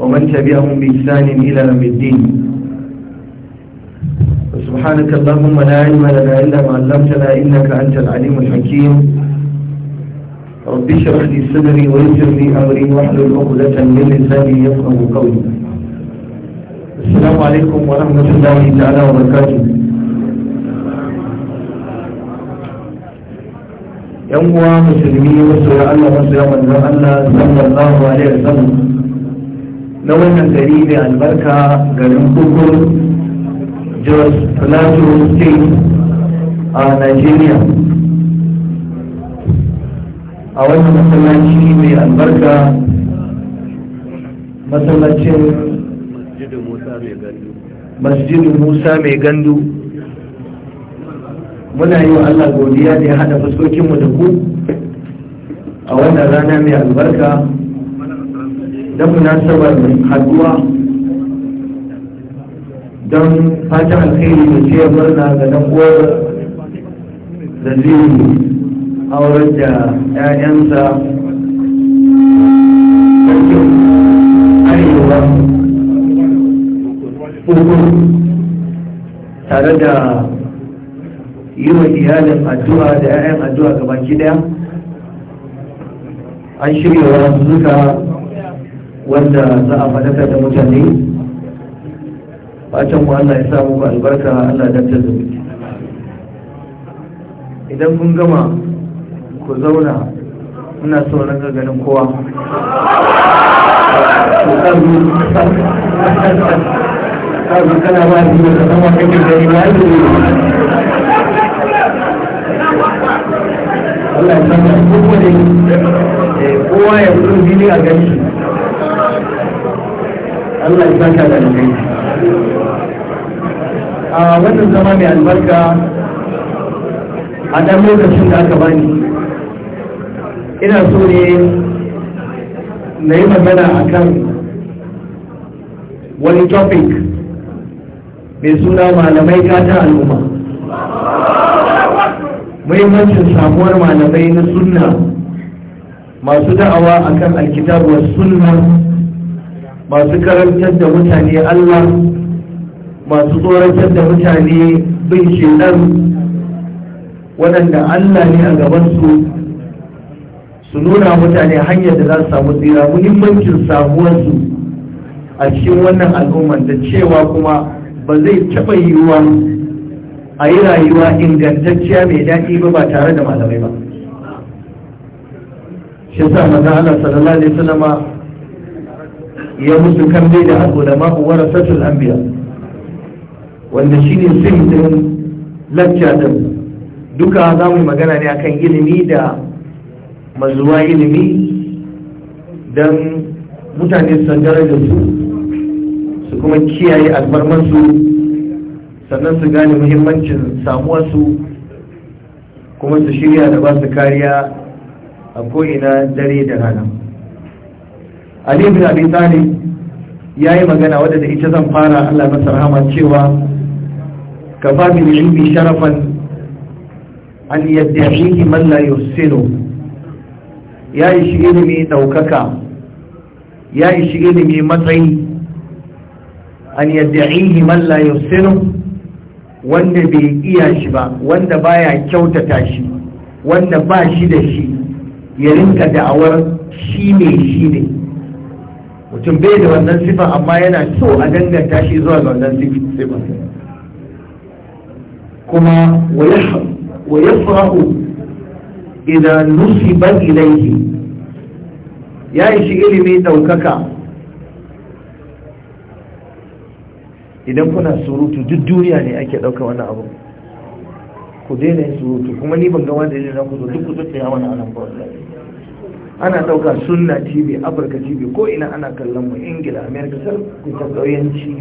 ومن تبعهم بإحسان إلى يوم الدين سبحانك اللهم لا علم لنا إلا ما علمتنا إنك أنت العليم الحكيم رب اشرح لي صدري ويسر لي أمري واحلل عقدة من لساني يفقه قولي السلام عليكم ورحمة الله تعالى وبركاته yan مسلمين musulmi الله ya الله wasu ya manzon Allah sallallahu alaihi na wannan gari mai albarka garin kukur jos plato state a nigeria a wannan masallaci mai albarka masallacin masjidin musa mai gandu muna yi wa allah godiya da ya hada fuskokinmu da ku a wannan rana mai albarka don munasabar haduwa don fatan alkhairi da ce murna ga dan uwar da zai aurar da 'ya'yansa arewa uku tare da yi wa iyalin addu'a da 'ya'yan addu'a gaba gida. an shirya wa zuka wanda za a faɗaka da mutane fatan mu Allah ya sa muku albarka Allah da ta idan kun gama ku zauna muna so ga ganin kowa kazu kana ba ni da sama kake gani ba ni Allah ya san kowa ne eh, kowa ya fito gini a gani Allah ya saka da kai a wannan zama mai albarka a ɗan lokacin da aka bani ina so ne na yi magana a kan wani topic mai suna malamai gata al'umma muhimmancin samuwar malamai na sunna masu da'awa akan alkitabuwar sunna masu karantar da mutane Allah masu tsoratar da mutane bin shaidan waɗanda Allah ne a gabansu su nuna mutane hanyar da za su samu tsira muhimmancin samuwarsu a cikin wannan al'ummar da cewa kuma ba zai taɓa yiwuwa a yi rayuwa ingantacciya mai daɗi ba ba tare da malamai ba shi sa maza Allah sallallahu alaihi wasallama ya musu kambe da al'ulama satul anbiya wanda shine sai din lacca din duka za mu magana ne akan ilimi da mazuwa ilimi don mutane san daraja su su kuma kiyaye albarmansu sannan su gane muhimmancin samuwarsu kuma su shirya da ba su kariya a ko'ina dare da rana ali ibn abi ya yi magana wadda da ita zan fara Allah masa rahama cewa kafa bil ilmi sharafan an yaddahihi man la yusilu ya yi shi ilimi daukaka ya yi shi ilimi matsayi an yaddahihi man la yusilu wanda bai iya shi ba wanda baya kyautata shi wanda ba shi da shi ya rinka da'awar shi ne shi ne mutum bai da wannan sifa amma yana so a danganta shi zuwa ga wannan sifa kuma wa yafrahu idan ban ilaihi ya ishi ilimin ɗaukaka idan kuna surutu duk duniya ne ake ɗauka wani abu ku daina yin surutu kuma ni ban ga wanda ya na ku duk ku tsaye wani anan wallahi ana ɗauka sunna tv afirka tv ko ina ana kallon mu ingila america sar ku ta ƙauyanci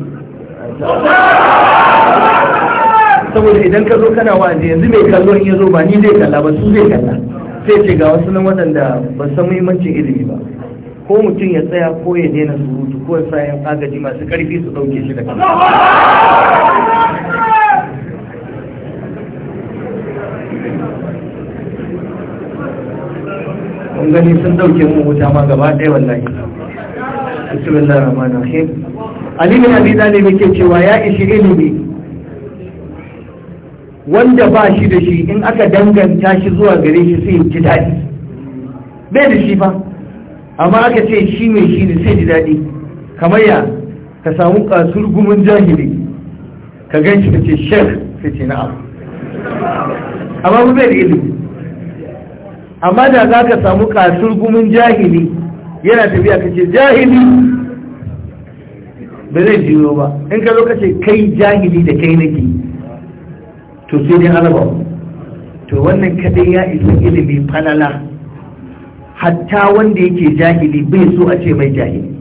saboda idan ka zo kana wa'azi yanzu mai kallo in ya zo ba ni zai kalla ba su zai kalla sai ce ga wasu nan waɗanda ba san muhimmancin ilimi ba ko mutum ya tsaya ko ya daina surutu ko sa yan agaji masu ƙarfi su ɗauke shi da kalla kun gani sun dauke mu wuta ma gaba ɗaya wallahi bismillahir rahmanir rahim ali bin abi talib yake cewa ya ishi ilimi wanda ba shi da shi in aka danganta shi zuwa gare shi sai ji dadi bai da shi ba amma aka ce shi mai shi ne sai ji daɗi kamar ya ka samu kasur jahili ka gan shi ka ce shek sai ce na'am amma ba bai da ilimi amma da za ka samu kasur gumin jahili yana tafiya ka ce jahili ba zai jiro ba in ka zo ka kai jahili da kai nake to sai dai alaba to wannan kadai ya isa ilimi falala hatta wanda yake jahili bai so a ce mai jahili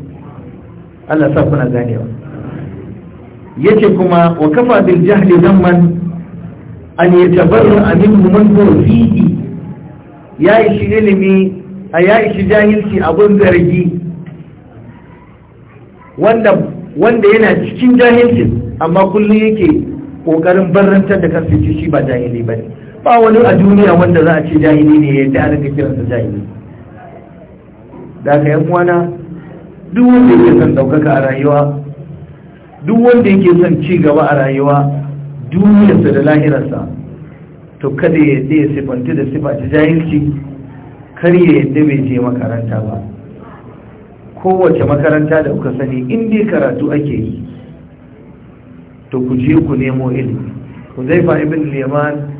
Allah sa kuna ganewa ce kuma wa kafa bil jahli zamman an yatabarra min man fihi ya ishi ilimi a ya ishi jahilci abin zargi wanda yana cikin jahilcin amma kullum yake kokarin barrantar da kansa shi ba jahili ba ne ba wani a duniya wanda za a ce jahili ne ya da aka kiransa jahili da ka yan uwana duk wanda yake son daukaka a rayuwa duk wanda yake son ci gaba a rayuwa duniyarsa da lahirarsa to kada ya yadda ya da sifa ta jahilci kar ya yadda bai je makaranta ba kowace makaranta da kuka sani in dai karatu ake yi to ku je ku nemo ilimi Ku huzaifa ibn liman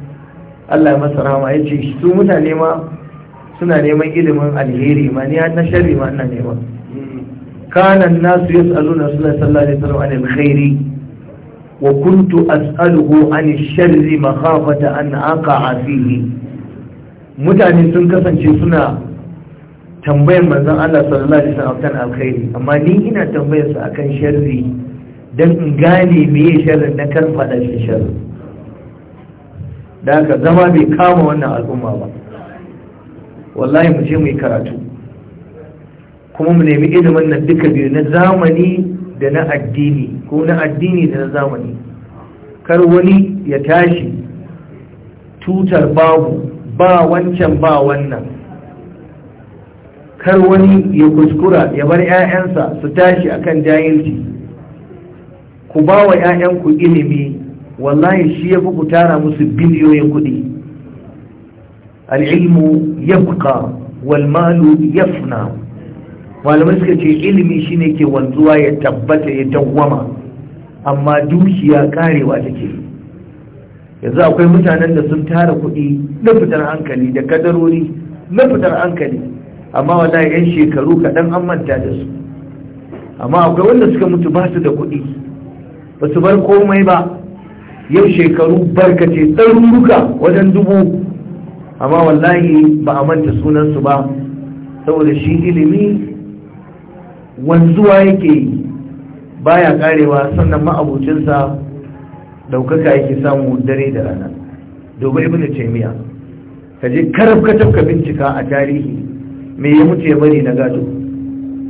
Allah ya masa rama ya ce su mutane ma suna neman ilimin alheri ma ni na shari ma ana nema kana nasu yas'aluna sallallahu alaihi wasallam anil khairi Wa kuntu as'aluhu an sharri makhafata an أقع فيه mutane sun kasance suna tambayar manzon Allah sallallahu alaihi wasallam kan alkhairi amma ni ina tambayar su akan sharri dan in gane ya sharri na karfada fada shi sharri da ka zama bai kama wannan al'umma ba wallahi mu je mu yi karatu kuma mu nemi ilimin nan duka biyu na zamani da na addini ko na addini da na zamani kar wani ya tashi tutar babu ba wancan ba wannan kar wani ya kuskura ya bar 'ya'yansa su tashi akan jahilci ku ba wa 'ya'yanku ilimi wallahi shi ya fi ku tara musu biliyoyin kuɗi al'ilmu yabqa Walmalu ya yafna malamai suka ce ilimi shine ke wanzuwa ya tabbata ya dawwama amma dukiya karewa take yanzu akwai mutanen da sun tara kuɗi na fitar hankali da kadarori na fitar hankali amma wata yan shekaru kaɗan an manta da su amma akwai wanda suka mutu ba su da kuɗi ba su bar komai ba yau shekaru barkace ɗaruruka wajen dubu amma wallahi ba a manta sunansu ba saboda shi ilimi wanzuwa yake yi baya karewa sannan ma'abucinsa daukaka yake samu dare da rana domin ibn taymiya ka je karab ka tafka bincika a tarihi me ya mutu ya bari na gado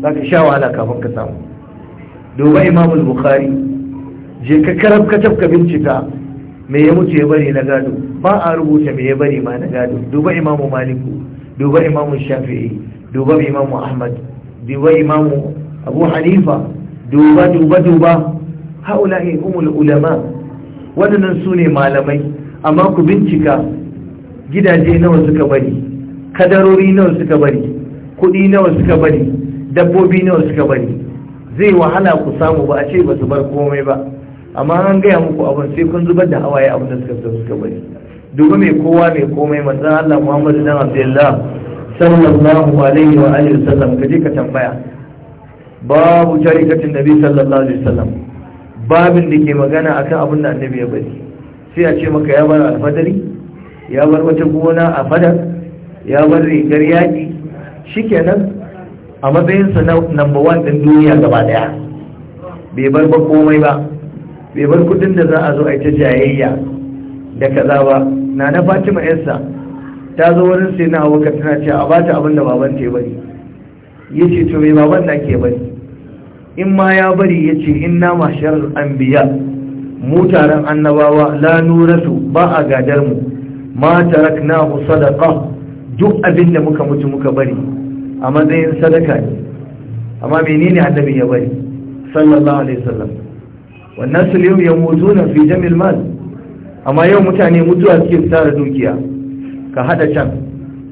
za ka sha wahala kafin ka samu domin imam bukhari je ka karab ka tafka bincika me ya mutu ya bari na gado ba a rubuta me ya bari ma na gado duba imamu maliku duba imamu shafi'i duba imamu ahmad wa imamu abu hanifa duba duba duba haula'i umul ulama waɗannan su ne malamai amma ku bincika gidaje nawa suka bari kadarori nawa suka bari kuɗi nawa suka bari dabbobi nawa suka bari zai wahala ku samu ba a ce ba su bar komai ba amma an gaya muku abin sai kun zubar da hawaye abin da suka suka bari duba mai kowa mai komai manzan Allah Muhammadu dan Abdullahi. sallallahu alaihi wa alihi wasallam kaje ka tambaya babu jarikatin nabi sallallahu alaihi wasallam babin da ke magana akan abin da annabi ya bari sai a ce maka ya bar alfadari ya bar wata gona a fadar ya bar rigar yaki shikenan a matsayinsa na number one din duniya gaba daya bai bar ba komai ba bai bar kudin da za a zo a ta jayayya da kaza ba na na fatima yarsa ta zo wurin sai na abubakar tana ce a bata abin da baban ta bari ya ce to mai baban na ke bari in ma ya bari ya ce inna mashar anbiya mu taron annabawa la nuratu ba a gadar mu ma taraknahu sadaqa duk abin da muka mutu muka bari a matsayin sadaka ne amma menene annabi ya bari sallallahu alaihi wasallam wannan su yau ya mutu na fi jamil mal amma yau mutane mutuwa suke tsara dukiya ka hada can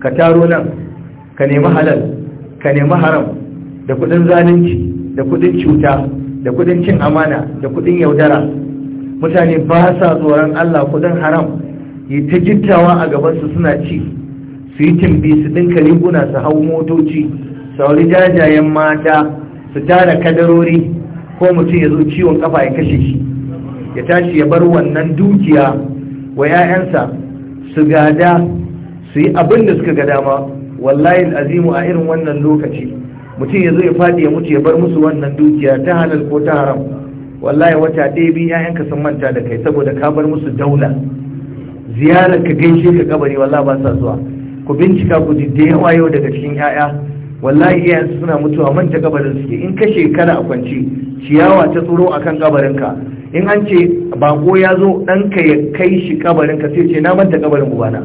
ka taro nan ka nemi halal ka nemi haram da kudin zalunci da kudin cuta da kudin cin amana da kudin yaudara mutane ba sa tsoron Allah kudin haram yi ta jittawa a gabansu suna ci su yi timbi su dinka riguna su hau motoci sauri jajayen mata su tara kadarori ko mutum ya zo ciwon kafa ya kashe shi ya tashi ya bar wannan dukiya wa 'ya'yansa su gada su yi abin da suka ga dama wallahi azimu a irin wannan lokaci mutum ya zo ya faɗi ya mutu ya bar musu wannan dukiya ta halal ko ta haram wallahi wata ɗaya biyu ƴaƴanka sun manta da kai saboda ka bar musu daula ziyarar ka gaishe ka kabari wallahi ba sa zuwa ku bincika ku ji da yawa yau daga cikin ƴaƴa wallahi iyayen suna mutuwa manta kabarin suke in ka shekara a kwance ciyawa ta tsoro akan kabarinka in an ce bako ya zo ɗanka ya kai shi kabarinka sai ce na manta kabarin bana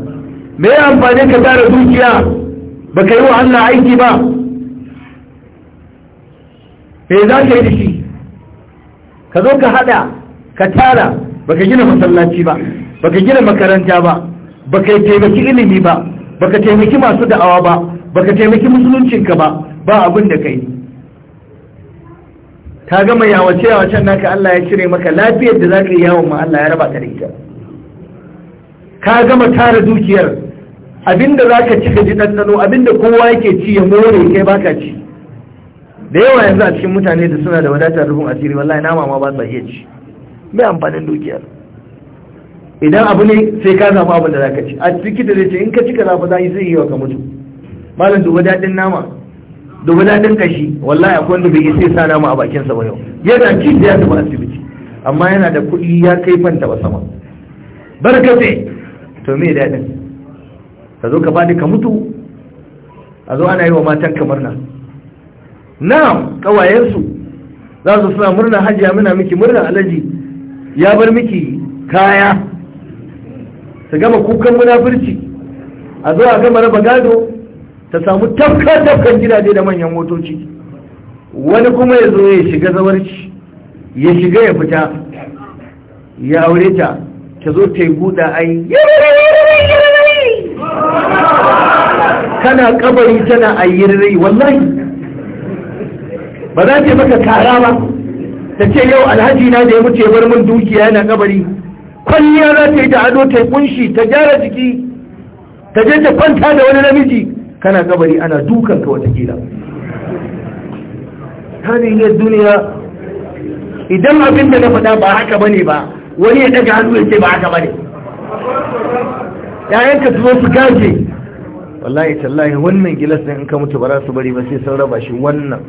me ya amfani ka tara dukiya ba ka yi wa Allah aiki ba me za ka yi da shi ka zo ka hada ka tara ba ka gina masallaci ba ba ka gina makaranta ba ba ka taimaki ilimi ba ba ka taimaki masu da'awa ba ba ka taimaki musuluncinka ba ba abin da ka yi Ta gama yawace yawacen naka Allah ya cire maka lafiyar da za ka yi yawon ma Allah ya raba ta da ita ka gama tara dukiyar abinda za ka ci ka ji ɗanɗano abinda kowa yake ci ya more kai baka ci da yawa yanzu a cikin mutane da suna da wadatar rufin asiri wallahi nama ma ba sa iya ci mai amfanin dukiyar idan abu ne sai ka zama abin da za ka ci a ciki da zai ce in ka ci kaza fa za yi zai yi wa ka mutu malam duba daɗin nama duba daɗin kashi wallahi akwai wanda bai sai sa nama a bakinsa ba yau yana ci da ya zama asibiti amma yana da kuɗi ya kai fanta ba sama barkatai to me daɗin ka zo ka bani ka mutu a zo ana yi wa matan ka murna na'am kawayensu za su suna murna hajiya muna miki murna alaji ya bar miki kaya Ta gama kukan munafurci a zo a gama raba gado ta samu tafka tafkan gidaje da manyan motoci wani kuma ya zo ya shiga zawarci ya shiga ya fita ya aure ta ta zo ta yi guda ai kana kabari tana ayyirri wallahi ba za ta maka kara ba ta ce yau alhaji na da ya mutu ya bar min dukiya yana kabari kwalliya za ta yi ta ado ta kunshi ta gyara jiki ta je ta kwanta da wani namiji kana kabari ana dukan ka watakila hadin duniya idan abin da na faɗa ba haka bane ba wani ya ɗaga hannu ya ce ba haka bane yayanka su zo su gaje wallahi tallahi wannan gilas ne in ka mutu ba za su bari ba sai sun raba shi wannan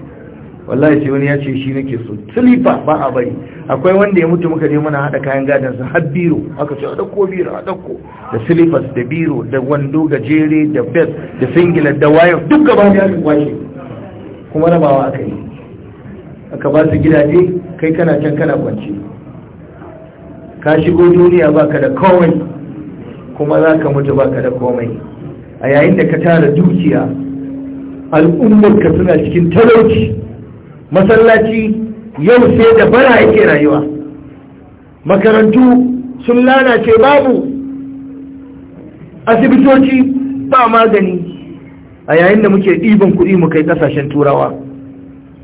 wallahi sai wani ya ce shi nake so silifa ba a bari akwai wanda ya mutu muka je muna hada kayan gadon su har biro aka ce a dauko biro a dauko da silifas da biro da wando jere da bes da singilar da wayar duk gaba ya aka kwashe kuma rabawa aka yi aka ba su gidaje kai kana can kana kwance ka shigo duniya baka da kawai kuma za ka mutu baka da komai a yayin da ka tara dukiya al'ummarka suna cikin talauci masallaci yau sai da bara yake rayuwa makarantu sun lalace babu asibitoci ba magani a yayin da muke ɗiban kuɗi mu kai ƙasashen turawa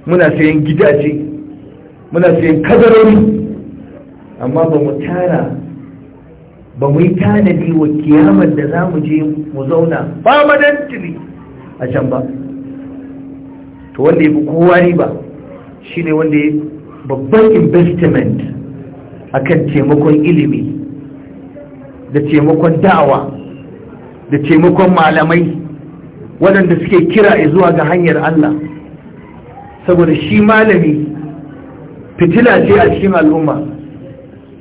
muna sayan gidaje muna sayan kadarori amma ba mu tara ba mu yi tanadi wa kiyamar da za mu je mu zauna Ba permanently a can ba to wanda ya fi kowa riba shi ne wanda ya babban investiment a kan taimakon ilimi da taimakon da'awa da taimakon malamai waɗanda suke kira zuwa ga hanyar Allah saboda shi malami fitila ce a cikin al'umma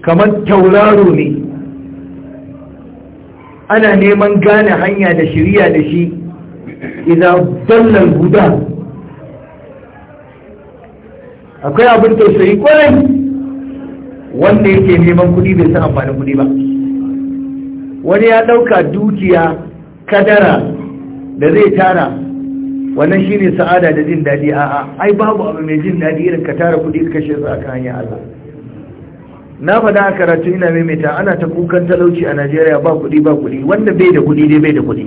kamar tauraro ne ana neman gane hanya da shirya da shi idan dallar guda akwai abin tausayi kwarai wanda yake neman kuɗi bai san amfanin kuɗi ba wani ya ɗauka dukiya kadara da zai tara wannan shine sa'ada da jin daɗi a'a ai babu abu mai jin daɗi irin ka tara kuɗi ka kashe su hanyar Allah na faɗa a karatu ina maimaita ana ta kukan talauci a najeriya ba kuɗi ba kuɗi wanda bai da kuɗi dai bai da kuɗi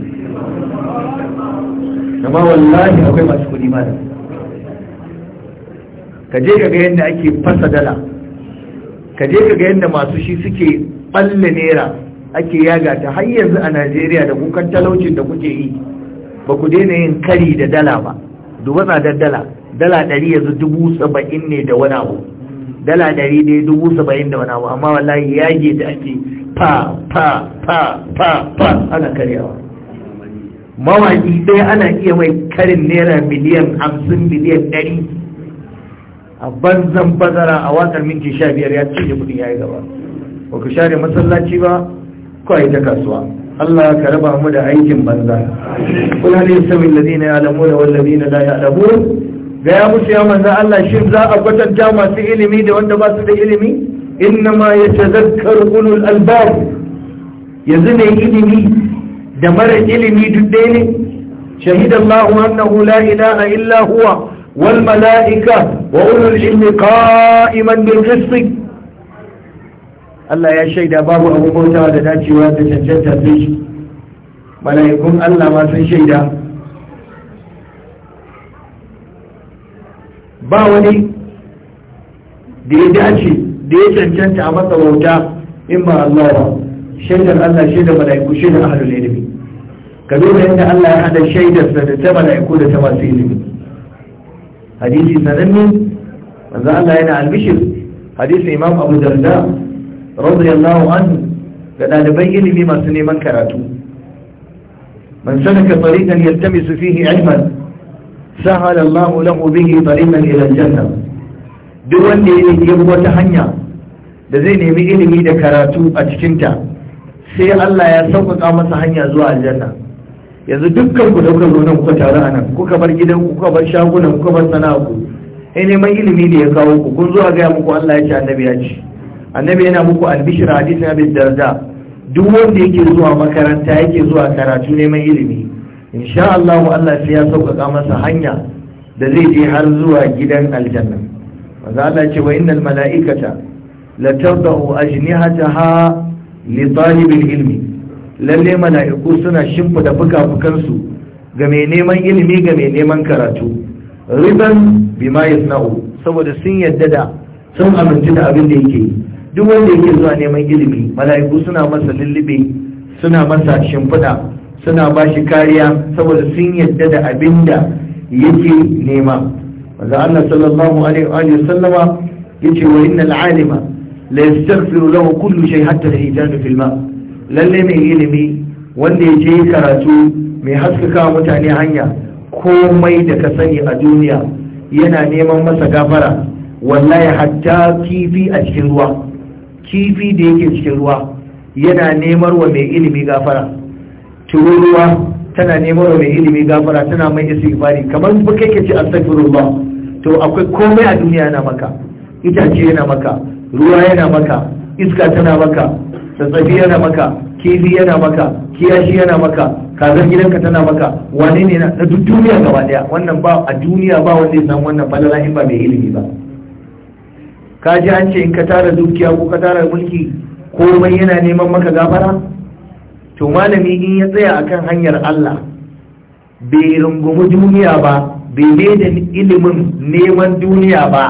amma wallahi akwai masu kuɗi ma ka je ga yadda ake fasa dala ka je ga yadda masu shi suke balle naira ake yaga ta har yanzu a najeriya da kukan talaucin da kuke yi ba ku daina yin kari da dala ba duba tsadar dala dala ɗari yanzu dubu saba'in ne da wani abu dala dari ne dubu saba'in da wani abu amma wallahi ya da ake fa fa fa fa fa ana karyawa mawaƙi ɗaya ana iya mai karin naira miliyan hamsin miliyan ɗari a banzan bazara a wakar minti sha biyar ya ce kuɗi ya yi gaba ba ku share masallaci ba yi ta kasuwa Allah ka raba mu da aikin banza kula ne sami ladina ya alamu da wallazina da ya alamu gaya musu ya manzan Allah shi za a kwatanta masu ilimi da wanda ba da ilimi inna ma ya ce tazakkar ulul albab yanzu ne ilimi da mara ilimi duk ɗaya ne shahidan lahu annahu la ilaha illa huwa wal mala'ika wa ulul ilmi qa'iman bil qist Allah ya shaida babu abubuwa da dacewa da cancanta sai shi mala'ikun Allah ma sun shaida ba wani da ya dace da ya cancanta a masa wauta in ba Allah ba shaidar Allah shaidar mala'iku shaidar ahlul ilimi ka duba yadda Allah ya hada shaidar da ta mala'iku da ta masu ilimi hadisi sananne manzo Allah yana albishir hadisi Imam Abu Darda radiyallahu anhu ga ɗaliban ilimi masu neman karatu man sanaka tariqan yaltamisu fihi ilman sahala Allah lahu bihi tariqan ila janna. duk wanda ya nemi wata hanya da zai nemi ilimi da karatu a cikin ta sai Allah ya sauƙaƙa masa hanya zuwa aljanna yanzu dukkan ku daukar zo nan kuka taru a nan kuka bar gidan ku kuka bar shagunan kuka bar sana'a ku ai neman ilimi da ya kawo ku kun zo a gaya muku Allah ya ce annabi ya ce annabi yana muku albishir hadisi na darda duk wanda yake zuwa makaranta yake zuwa karatu neman ilimi insha Allah Allah sai ya sauƙaƙa masa hanya da zai je har zuwa gidan aljanna maza Allah ce wa innal mala'ikata la tardahu ajnihataha li talibil ilmi lalle mala'iku suna shimfida fuka-fukansu ga mai neman ilimi ga mai neman karatu riban bima yasna'u saboda sun yadda da sun amince da abin da yake duk wanda yake zuwa neman ilimi mala'iku suna masa lullube suna masa shimfida suna ba shi kariya saboda sun yadda da abin da yake nema wanda Allah sallallahu alaihi wa sallama yace wa innal alima la yastaghfiru lahu kullu shay hatta al-hijan al ma lalle mai ilimi wanda ya je karatu mai haskaka mutane hanya komai da ka sani a duniya yana neman masa gafara wallahi hatta kifi a cikin ruwa kifi da yake cikin ruwa yana nemar wa mai ilimi gafara tururuwa tana nemo da mai ilimi gafara tana mai ibari kamar ba kai ka ce astaghfirullah to akwai komai a duniya yana maka itace yana maka ruwa yana maka iska tana maka tsatsafi yana maka kifi yana maka kiyashi yana maka kazan gidanka tana maka wane ne na duk duniya gaba daya wannan ba a duniya ba wanda ya san wannan falala in ba mai ilimi ba ka ji an ce in ka tara dukiya ko ka tara mulki komai yana neman maka gafara to malami in ya tsaya a kan hanyar Allah bai rungumi duniya ba bai da ilimin neman duniya ba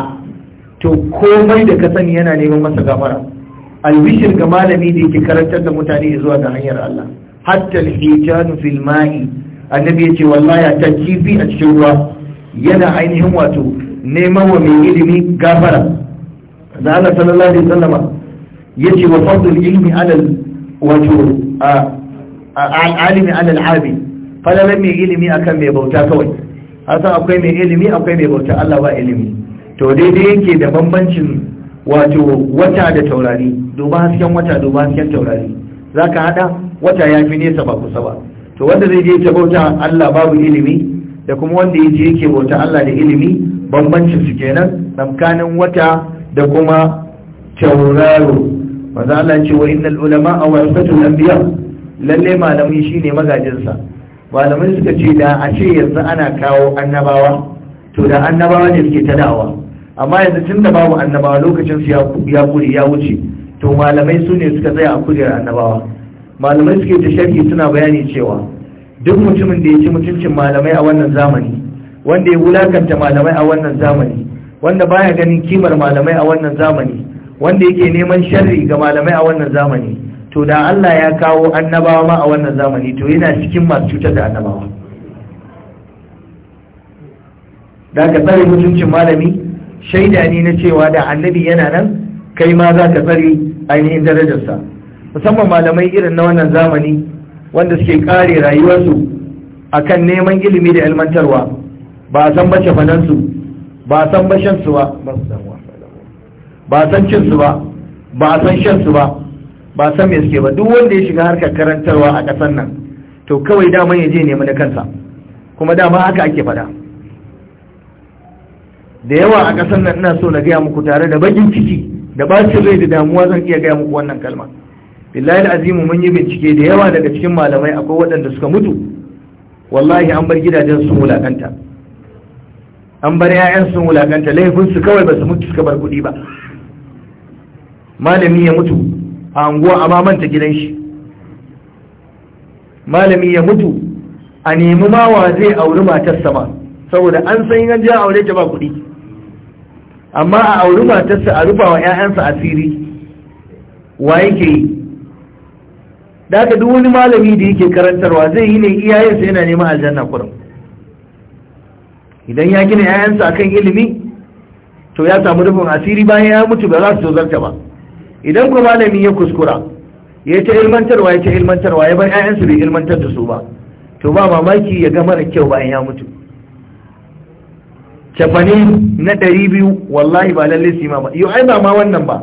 to komai da ka sani yana neman masa gafara albishir ga malami da yake karantar da mutane zuwa ga hanyar Allah hatta al-hijanu fil ma'i annabi yace wallahi ta kifi a cikin ruwa yana ainihin wato neman wa mai ilimi gafara da Allah sallallahu alaihi wasallama yace wa fadlul ilmi ala wato alimi alal abi falalan mai ilimi akan mai bauta kawai hasan akwai mai ilimi akwai mai bauta Allah ba ilimi to daidai yake da bambancin wato wata da taurari duba hasken wata duba hasken taurari za ka haɗa wata ya fi nesa ba kusa ba to wanda zai je ta bauta Allah babu ilimi da kuma wanda ya je yake bauta Allah da ilimi bambancin su kenan tsakanin wata da kuma tauraro maza Allah ce wa innal ulama warasatul anbiya lalle shi shine magajinsa malamai suka ce da a ce yanzu ana kawo annabawa to da annabawa ne suke ta da'awa amma yanzu tun da babu annabawa lokacin su ya kuri ya wuce to malamai su ne suka tsaya a kujerar annabawa malamai suke ta sharhi suna bayani cewa duk mutumin da ya ci mutuncin malamai a wannan zamani wanda ya wulakanta malamai a wannan zamani wanda baya ganin kimar malamai a wannan zamani wanda yake neman sharri ga malamai a wannan zamani to da Allah ya kawo annabawa ma a wannan zamani to yana cikin masu cutar da annabawa da ka tsare mutuncin malami shaida ne na cewa da annabi yana nan kai ma za ka tsare ainihin darajarsa musamman malamai irin na wannan zamani wanda suke kare rayuwarsu a kan neman ilimi da ilmantarwa ba a san bace fanansu ba a san bashen su ba ba san cin su ba ba san shansu su ba ba san me suke ba duk wanda ya shiga harkar karantarwa a ƙasar nan to kawai dama ya je nemi na kansa kuma dama haka ake fada da yawa a ƙasar nan ina so na gaya muku tare da bakin ciki da bacin rai da damuwa zan iya gaya muku wannan kalma billahi azimu mun yi bincike da yawa daga cikin malamai akwai waɗanda suka mutu wallahi an bar gidajen sun wulakanta an bar 'ya'yan sun wulakanta laifin kawai ba su mutu suka bar kuɗi ba malami ya mutu a anguwa amma manta gidan shi malami ya mutu a nemi mawa zai auri matarsa ba saboda an san yan ji aure ta ba kuɗi amma a auri matarsa a rufa wa 'ya'yansa asiri wa yake yi da duk wani malami da yake karantarwa zai yi ne iyayensa yana neman aljanna kurum idan ya gina 'ya'yansa akan ilimi to ya samu rufin asiri bayan ya mutu ba za su zarta ba idan ku malami ya kuskura ya ta ilmantarwa ya ta ilmantarwa ya bar 'ya'yansu bai ilmantar da su ba to ba mamaki ya ga mara kyau bayan ya mutu cafani na ɗari biyu wallahi ba lallai su yi mama yau ai ba ma wannan ba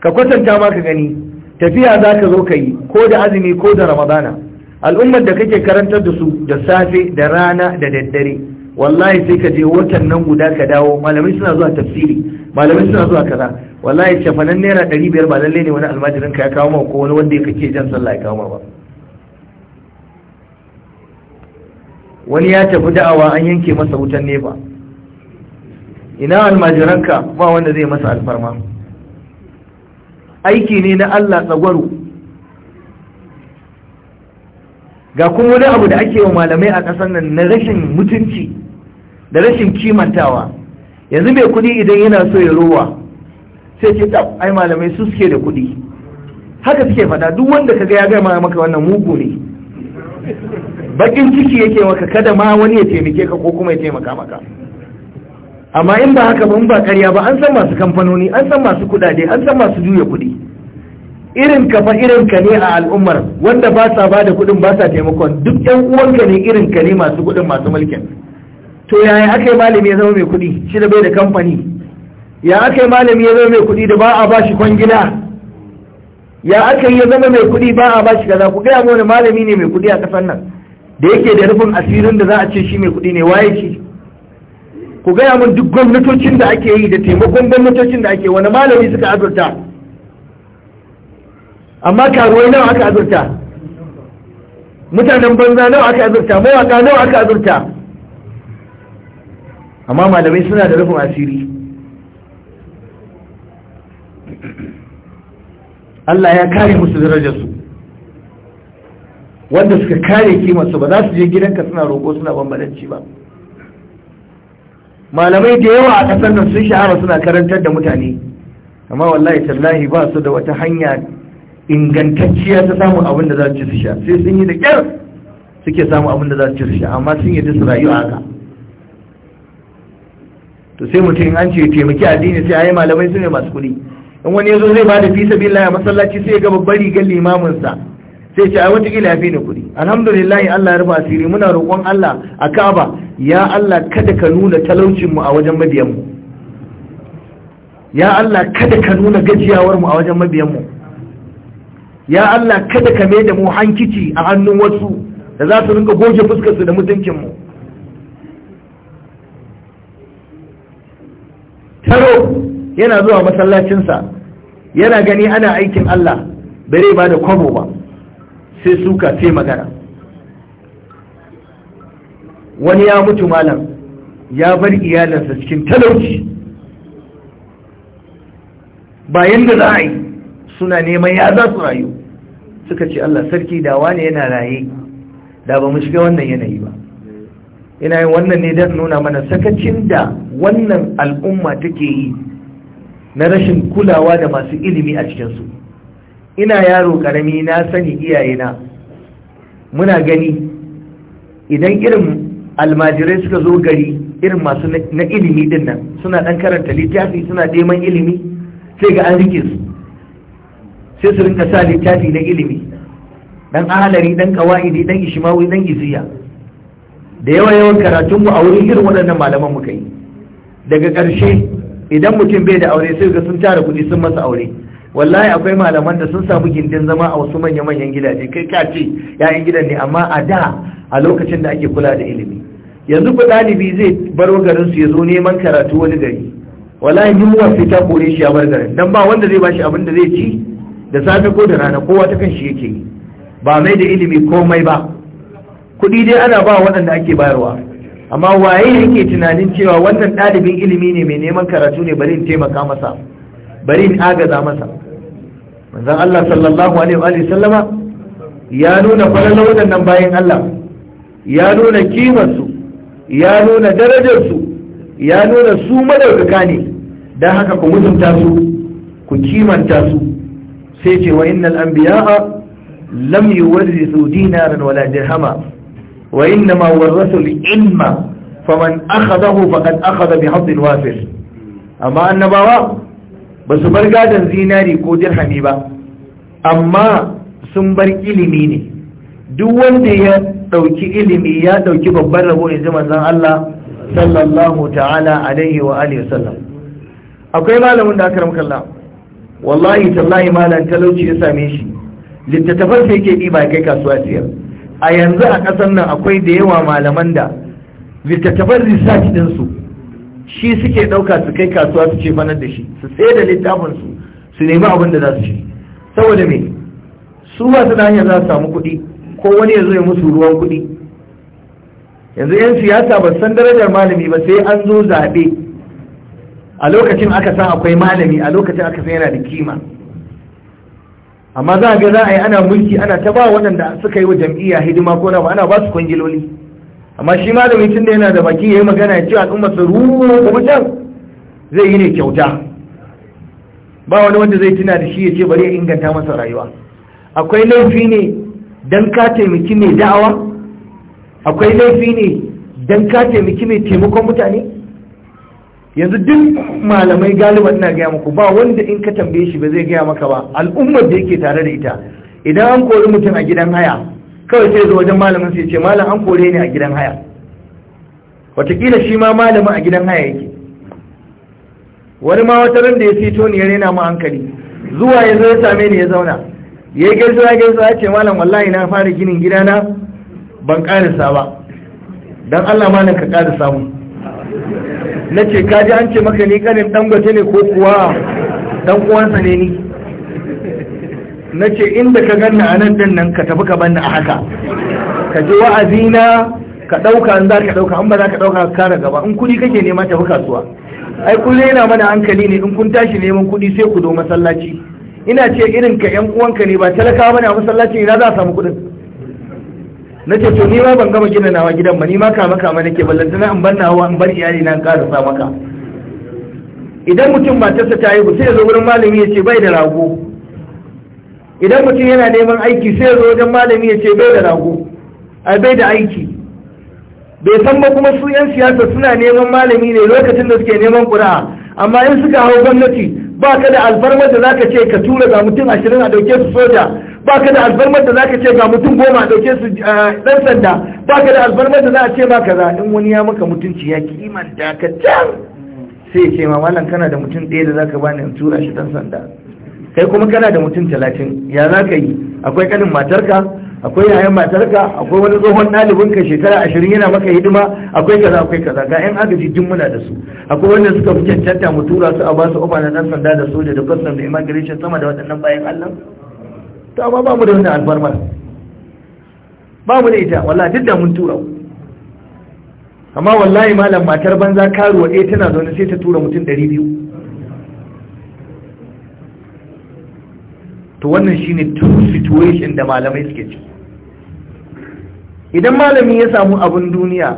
ka kwatanta ma ka gani tafiya za ka zo ka yi ko da azumi ko da ramadana al'ummar da kake karantar da su da safe da rana da daddare wallahi sai ka je watan nan guda ka dawo malamai suna zuwa tafsiri malamai suna zuwa kaza wallahi cefanen naira ɗari biyar ba lallai ne wani almajirin ka ya kawo ma ko wani wanda ya kake jan sallah ya kawo ma ba wani ya tafi da'awa an yanke masa wutan nefa ina almajiranka ba wanda zai masa alfarma aiki ne na Allah tsagwaro ga kuma wani abu da ake wa malamai a ƙasar nan na rashin mutunci da rashin kimantawa yanzu mai kuɗi idan yana so ya rowa sai ce ai malamai su suke da kuɗi haka suke fada duk wanda kaga ya gaya maka wannan mugu ne bakin ciki yake maka kada ma wani ya taimake ka ko kuma ya taimaka maka amma in ba haka ba in ba karya ba an san masu kamfanoni an san masu kudade an san masu juya kuɗi. irin ka fa irin ka ne a al'ummar wanda ba sa ba da kuɗin ba sa taimakon duk yan uwanka ne irin ka ne masu kuɗin masu mulkin to yaya aka yi malami ya zama mai kuɗi shi da bai da kamfani ya aka yi malami ya zama mai kuɗi da ba a ba shi kwangila ya aka yi ya zama mai kuɗi ba a ba shi kaza ku gaya mana malami ne mai kuɗi a ƙasar nan da yake da rufin asirin da za a ce shi mai kuɗi ne waye shi ku gaya mun duk gwamnatocin da ake yi da taimakon gwamnatocin da ake wani malami suka azurta amma karuwai nawa aka azurta mutanen banza nawa aka azurta mawaka nawa aka azurta amma malamai suna da rufin asiri Allah ya kare musu darajarsu wanda suka kare kimarsu ba za su je gidanka suna roƙo suna bambanci ba malamai da yawa a ƙasar nan sun shahara suna karantar da mutane amma wallahi tallahi ba su da wata hanya ingantacciya ta samu abin da za su ci su sha sai sun yi da kyar suke samu abin da za su ci su sha amma sun yi su rayu haka to sai mutum an ce taimaki addini sai ayi malamai su ne masu kuɗi in wani yazo zai bada fi sabilillah a masallaci sai ya ga bari ga limamin sa sai ce a wata kila fi ni kuɗi alhamdulillah Allah ya rufa asiri muna roƙon Allah a Ka'aba ya Allah kada ka nuna talaucin mu a wajen mabiyan mu ya Allah kada ka nuna gajiyawar mu a wajen mabiyan mu ya Allah kada ka mai da mu hankici a hannun wasu da za su rinka goge fuskarsu da mutuncinmu taro yana zuwa masallacinsa yana gani ana aikin Allah bare ba da kwabo ba sai suka sai magana wani ya mutu malam ya bar iyalinsa cikin talauci ba yadda za a yi suna neman ya za su rayu suka ce Allah sarki da wane yana raye da ba mu shiga wannan yanayi ba ina yin wannan ne don nuna mana sakacin da wannan al'umma take yi na rashin kulawa da masu ilimi a cikinsu ina yaro karami na sani iyayena muna gani idan irin almajirai suka zo gari irin masu na ilimi din suna dan karanta littafi suna neman ilimi sai ga an rike su sai su rinka sa littafi na ilimi dan ahalari dan kawaidi dan ishmawi dan iziya da yawa yawan karatunmu a wurin irin waɗannan malaman muka yi daga ƙarshe idan mutum bai da aure sai ga sun tara kuɗi sun masa aure wallahi akwai malaman da sun samu gindin zama a wasu manya-manyan gidaje kai ka ce yayin gidan ne amma a da a lokacin da ake kula da ilimi yanzu ku ɗalibi zai baro garin su ya zo neman karatu wani gari wallahi yunwa fita ta kore shi a bar garin dan ba wanda zai shi abin da zai ci da safe ko da rana kowa ta kan shi yake yi ba mai da ilimi komai ba kuɗi dai ana ba waɗanda ake bayarwa amma waye yake tunanin cewa wannan ɗalibin ilimi ne mai neman karatu ne bari in taimaka masa bari in agaza masa manzon Allah sallallahu alaihi wa sallama ya nuna falala waɗannan bayan Allah ya nuna su ya nuna darajarsu ya nuna su madaukaka ne dan haka ku mutunta su ku kimanta su sai ce wa innal anbiya'a lam yuwarrisu dinaran wala dirhama wa innama warrasu al-ilma faman akhadahu faqad akhadha bi hadd wafir amma annabawa ba su bar gadon zinari ko dirhami ba amma sun bar ilimi ne duk wanda ya ɗauki ilimi ya ɗauki babban rabo ya ji manzan Allah sallallahu ta'ala alaihi wa alihi wasallam akwai malamin da aka ramkalla wallahi tallahi malam talauci ya same shi littattafan sai yake ba kai kasuwa siyar a yanzu a ƙasar nan akwai da yawa malaman da littattafan research ɗinsu shi suke ɗauka su kai kasuwa su ce fanar da shi su sai da littafinsu su nemi abin da za su ci saboda me su ba su da hanyar za su samu kuɗi ko wani ya zo ya musu ruwan kuɗi yanzu 'yan siyasa ba san darajar malami ba sai an zo zaɓe a lokacin aka san akwai malami a lokacin aka san yana da kima amma za a ga za a yi ana mulki ana ta ba waɗanda suka yi wa jam'iyya hidima ko na ba ana ba su kwangiloli amma shi malami tun da yana da baki ya yi magana ya ce al'umma su ruwa kuma can zai yi ne kyauta ba wani wanda zai tuna da shi ya ce bari ya inganta masa rayuwa akwai laifi ne don ka taimaki mai da'awa akwai laifi ne don ka taimaki mai taimakon mutane yanzu duk malamai galiba ina gaya muku ba wanda in ka tambaye shi ba zai gaya maka ba al'ummar da yake tare da ita idan an kori mutum a gidan haya kawai sai zo wajen malamin sai ce malam an kore ni a gidan haya Wataƙila shi ma malamin a gidan haya yake wani ma wata ran da ya fito ni ya rena mu hankali zuwa ya ya same ni ya zauna ya gaisuwa gaisuwa ya ce malam wallahi na fara ginin gidana ban ƙarisa ba don Allah malam ka ƙarisa mu na ce kaji an ce maka ni kanin dangote ne ko kuwa dan uwansa ne ni na ce inda ka ganna a nan din nan ka tafi ka banna a haka ka ji wa'azi na ka ɗauka an za ka ɗauka an ba za ka ɗauka ka kara gaba in kuɗi kake nema tafi kasuwa ai kun yana mana hankali ne in kun tashi neman kuɗi sai ku zo masallaci ina ce irin ka yan uwanka ne ba talakawa bane a masallaci ina za a samu kuɗin na ce to ni ma ban gama gina nawa gidan ba ni ma kama kama nake ballanta na an bar nawa an bar iyali na an karasa maka idan mutum matarsa ta haihu sai ya zo wurin malami ya ce bai da rago idan mutum yana neman aiki sai ya zo wajen malami ya ce bai da rago a bai da aiki bai san ba kuma su 'yan siyasa suna neman malami ne lokacin da suke neman ƙuri'a amma in suka hau gwamnati ba ka da alfarmar da zaka ce ka tura ga mutum ashirin a ɗauke su soja ba ka da alfarmar da za ka ce ga mutum goma a ɗauke su ɗan sanda ba ka da alfarmar da za a ce ma kaza in wani ya maka mutunci ya da ka can sai ya ce ma wannan kana da mutum ɗaya da za ka bani in tura shi ɗan sanda kai kuma kana da mutum talatin ya za ka yi akwai kanin matarka akwai yayan matarka akwai wani tsohon ɗalibin shekara ashirin yana maka hidima akwai kaza akwai kaza ga yan agaji duk muna da su akwai wanda suka fi cancanta mu tura su a ba su ofa na dan sanda da soja da kwastam da immigration sama da waɗannan bayan Allah to amma ba mu da wannan alfarmar ba mu da ita wallahi duk da mun tura ku amma wallahi malam matar banza karuwa ɗaya tana zaune sai ta tura mutum ɗari biyu to wannan shine true situation da malamai suke ci idan malami ya samu abin duniya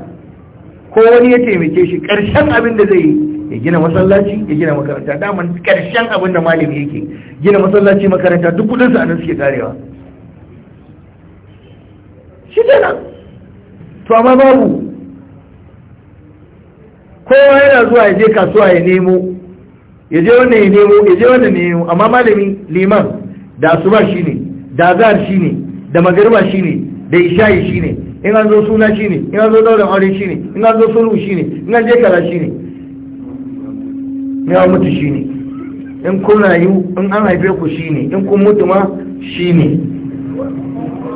ko wani ya taimake shi ƙarshen abin da zai yi ya gina masallaci ya gina makaranta daman karshen abin da malami yake gina masallaci makaranta duk kudin sa nan suke karewa shi kenan to amma babu kowa yana zuwa ya je kasuwa ya nemo ya je wannan ya nemo ya je wannan ya nemo amma malami liman da asuba shine da azhar shine da magariba shine da isha'i shine in an zo suna shine in an zo daular aure shine in an zo sulhu shine in an je kaza shine ya mutu ne in kuna yi in an haife ku shi ne, in kun mutu ma shi ne.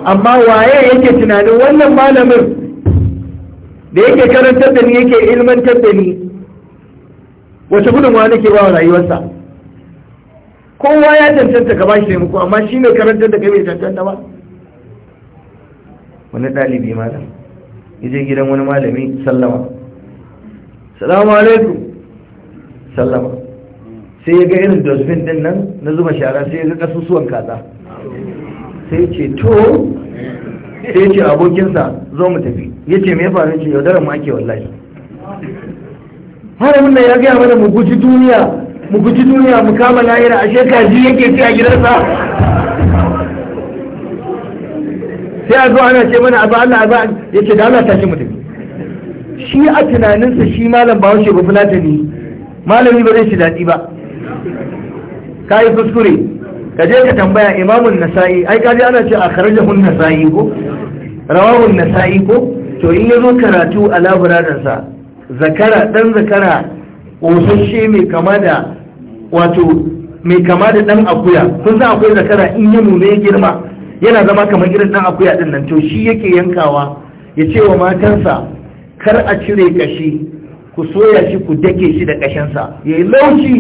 amma waye yake tunanin wannan malamin da yake karantar da ni yake ilmantar da ni wace gudunmawa nake ba wa rayuwarsa kowa ya cancanta ka shi taimako amma shi ne karantar da kai bai cancanta ba wani ɗalibi malam ya je gidan wani malami sallama salamu alaikum sallama sai ya ga irin dosbin din nan na zuba shara sai ya ga kasusuwan kaza sai ce to sai ce abokinsa zo mu tafi ya ce mai faru ce yaudara ma ake wallahi haramun wannan ya gaya mana mu guji duniya mu guji duniya mu kama lahira ashe kaji yake ci a gidansa sai a zo ana ce mana abu Allah abu ya ce da Allah tashi mu tafi shi a tunaninsa shi malam ba wace ba fulatani malami ba zai shi daɗi ba ka yi kuskure ka je ka tambaya imamun nasa'i ai ka ana ce a kharajahun nasa'i ko rawahun nasa'i ko to in ya zo karatu a laburarinsa zakara dan zakara ƙosashe mai kama da wato mai kama da dan akuya kun san akwai zakara in ya nuna ya girma yana zama kamar irin ɗan akuya ɗin nan to shi yake yankawa ya ce wa matansa kar a cire kashi ku soya shi ku dake shi da ƙashinsa ya yi laushi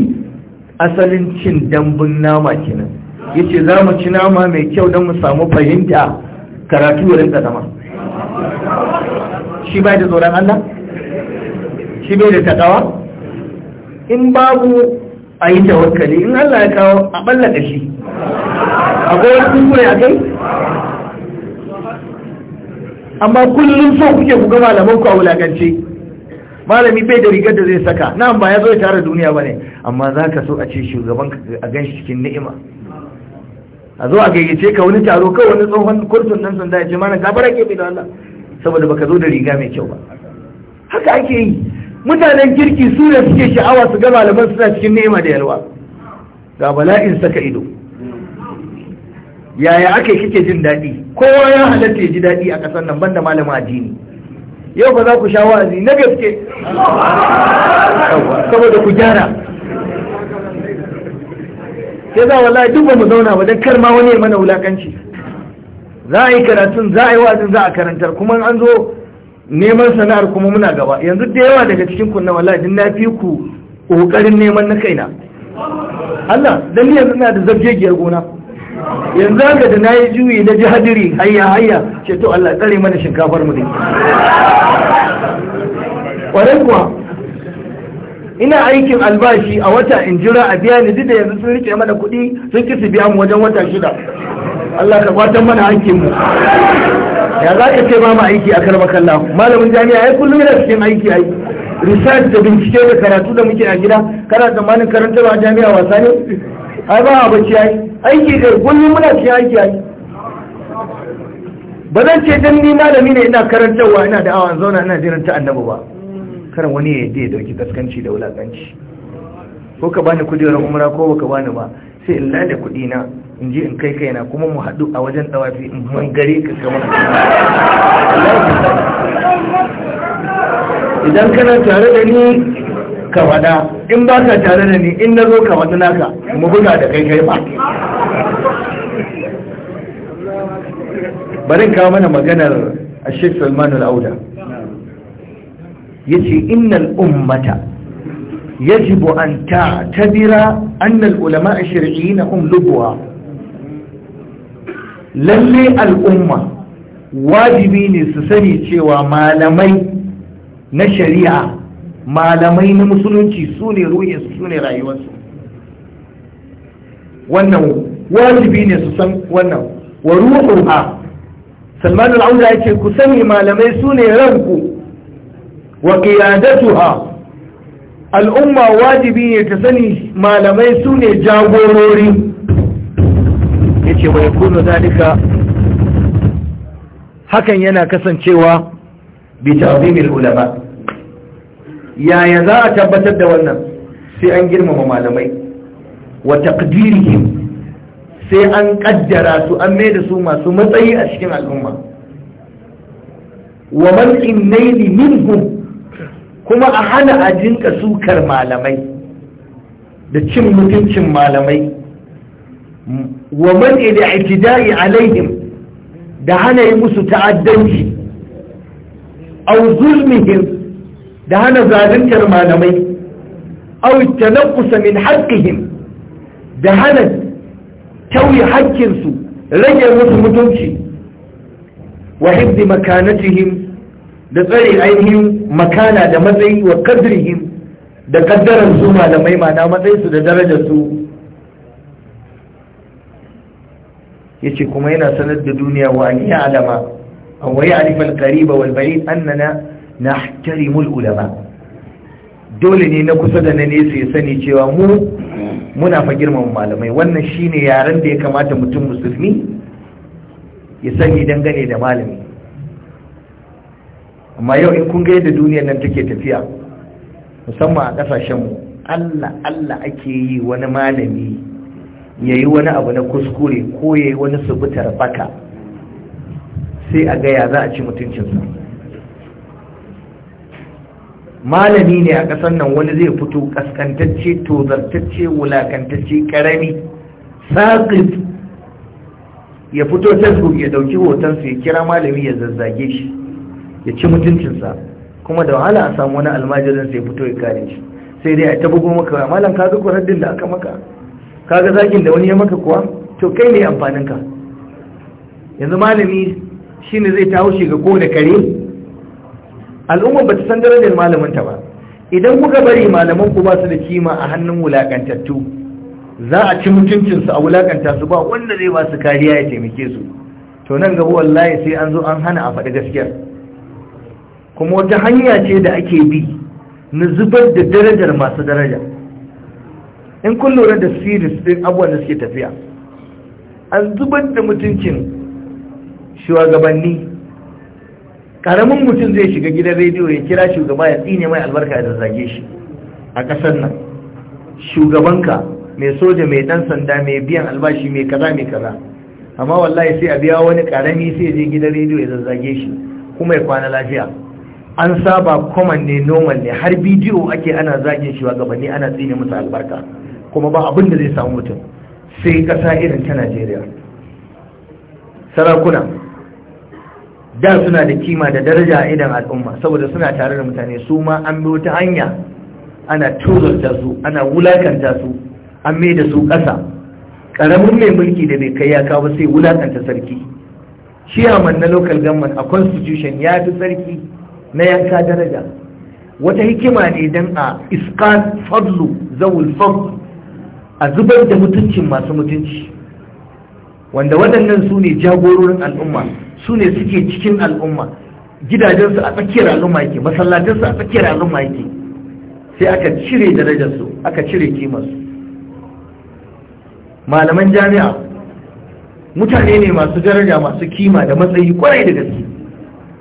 asalin cin dambun nama kenan ya ce za mu ci nama mai kyau don mu samu fahimta karatu wurin da zama shi bai da tsoron Allah shi bai da takawa in babu a yi tawakkali in Allah ya kawo a ballaka shi akwai wani kuskure a kai amma kullum so kuke ku ga malamanku a wulakance malami bai da rigar da zai saka nan ba ya zo ya tara duniya ba ne amma za ka so a ce shugaban a gan shi cikin ni'ima a zo a gayyace ka wani taro kawai wani tsohon kurtun nan sanda ya ce mana gabara ke bi da Allah saboda baka zo da riga mai kyau ba haka ake yi mutanen kirki su ne suke sha'awa su ga malaman suna cikin ni'ima da yalwa ga bala'in saka ido yaya ake kike jin daɗi kowa ya halatta ya ji daɗi a ƙasar nan banda malamin addini yau ba za ku sha wa'azi na gaske saboda ku gyara sai za wallahi duk ba mu zauna ba don kar ma wani mana wulakanci za a yi karatun za a yi wa'azin za a karantar kuma an zo neman sana'ar kuma muna gaba yanzu da yawa daga cikin kunna wallahi din na fi ku kokarin neman na kaina Allah dan ni yanzu ina da zabjegiyar gona yanzu haka da na yi juyi na ji hadiri hayya hayya ce to Allah tsare mana shinkafar mu ne ƙwarar kuwa ina aikin albashi a wata in jira a biya ni duk da yanzu sun rike mana kuɗi sun kisi biya mu wajen wata shida Allah ka kwatan mana aikin mu ya za ka ce ba mu aiki a karba kalla malamin jami'a ya kullum yana cikin aiki ai research da bincike da karatu da muke a gida kana tsammanin karantarwa jami'a wasa ne ai ba abinci ai aiki kai kullum muna cikin aiki ba zan ce dan ni malami ne ina karantarwa ina da awan zauna ina jiran ta annabi ba karan wani ya yadda ya dauki gaskanci da wulakanci ko ka bani kujerar umara ko ba ka bani ba sai in lada kudi na in je in kai kaina kuma mu haɗu a wajen ɗawafi, in gari ka kama idan kana tare da ni ka faɗa in ba ka tare da ni in na zo ka faɗi naka mu buga da kai kai ba bari kawo mana maganar ashek salman lauda ya ce innal ummata yajibu an ta tabira annal ulama a shari'i na umlubuwa lalle al'umma wajibi ne su sani cewa malamai na shari'a malamai na musulunci su ne ruhinsu su ne rayuwarsu wannan wajibi ne su san wannan wa ruhuha salman al'auda ya ce ku sani malamai su ne ranku wa qiyadatuha al'umma wajibi ne ta sani malamai su ne jagorori ya ce bai kuno zalika hakan yana kasancewa bi ta'zimil ulama yaya za a tabbatar da wannan sai an girmama malamai wa taqdirihim sai an kaddara su an mai da su masu matsayi a cikin al'umma wa man innaili minhum kuma a hana a jinka sukar malamai da cin mutuncin malamai wa man ila itidai alaihim da hana yi musu ta'addanci aw zulmihim da hana zaluntar malamai aw tanqusa min haqqihim da hana tauye su rage musu mutunci wa hibdi makanatihim da tsare ainihin makana da matsayi wa kadrihim da kaddaran su malamai mana su da darajar ya ce kuma yana sanar da duniya wa an alama an wayi alifar wal bari annana Na nahtarimul ulama dole ne na kusa da na nesa ya sani cewa mu muna fa girmama malamai wannan shine yaren da ya kamata mutum musulmi ya sani dangane da malami amma yau in kun ga yadda duniyar nan take tafiya musamman a kasashen mu, allah allah ake yi wani malami ya yi wani abu na kuskure ko ya yi wani subutar baka sai a gaya za a ci mutuncinsa malami ne a ƙasar nan wani zai fito kaskantacce tozartacce wulakantacce karami saƙif ya fito facebook ya ɗauki hotonsa ya kira malami ya zazzage shi ya ci mutuncinsa kuma da wahala a samu wani almajirinsa ya fito ya kare shi sai dai a ta bugo maka malam kaga kuraddin da aka maka kaga zagin da wani ya maka kuwa to kai ne amfaninka yanzu malami shine zai tawo haushe ga kowane kare al'umma ba ta san darajar malaminta ba idan kuka bari malaman ku ba su da kima a hannun wulakantattu za a ci mutuncinsu a wulakanta su ba wanda zai ba su kariya ya taimake su to nan gaba wallahi sai an zo an hana a faɗi gaskiyar kuma wata hanya ce da ake bi na zubar da darajar masu daraja in kun lura da siris ɗin abubuwan da suke tafiya an zubar da mutuncin shugabanni karamin mutum zai shiga gidan rediyo ya kira shugaba ya tsine mai albarka ya zazzage shi a ƙasar nan shugabanka mai soja mai dan sanda mai biyan albashi mai kaza mai kaza amma wallahi sai a biya wani karami sai je gidan rediyo ya zazzage shi kuma ya kwana lafiya an saba common ne normal ne har bidiyo ake ana zagin shi wa gabanni ana tsine masa albarka kuma ba abin da zai samu mutum sai ƙasa irin ta najeriya sarakuna da suna da kima da daraja a idan al'umma saboda suna tare da mutane su ma an bi wata hanya ana tozarta su ana wulakanta su an mai da su ƙasa ƙaramin mai mulki da bai kai ya kawo sai wulakanta sarki shiyaman na local government a constitution ya fi sarki na yanka daraja wata hikima ne don a iskan fadlu zawul fadlu a zubar da mutuncin masu mutunci wanda waɗannan su ne jagororin al'umma su ne suke cikin al'umma gidajensu a tsakiyar al'umma yake masallatinsu a tsakiyar al'umma yake sai aka cire darajarsu aka cire kimarsu malaman jami'a mutane ne masu daraja masu kima da matsayi kwarai da gaske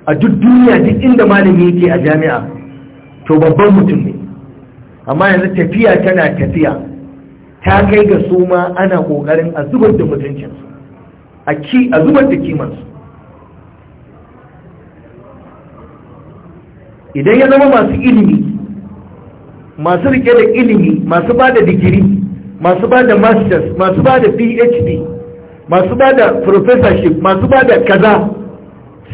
a duk duniya duk inda malami yake a jami'a to babban mutum ne amma yanzu tafiya tana tafiya ta kai ga su ma ana kokarin a zubar da mutuncinsu a zubar da kimansu idan ya zama masu ilimi masu rike da ilimi masu ba da digiri masu ba da masters masu ba da phd masu ba da professorship masu ba da kaza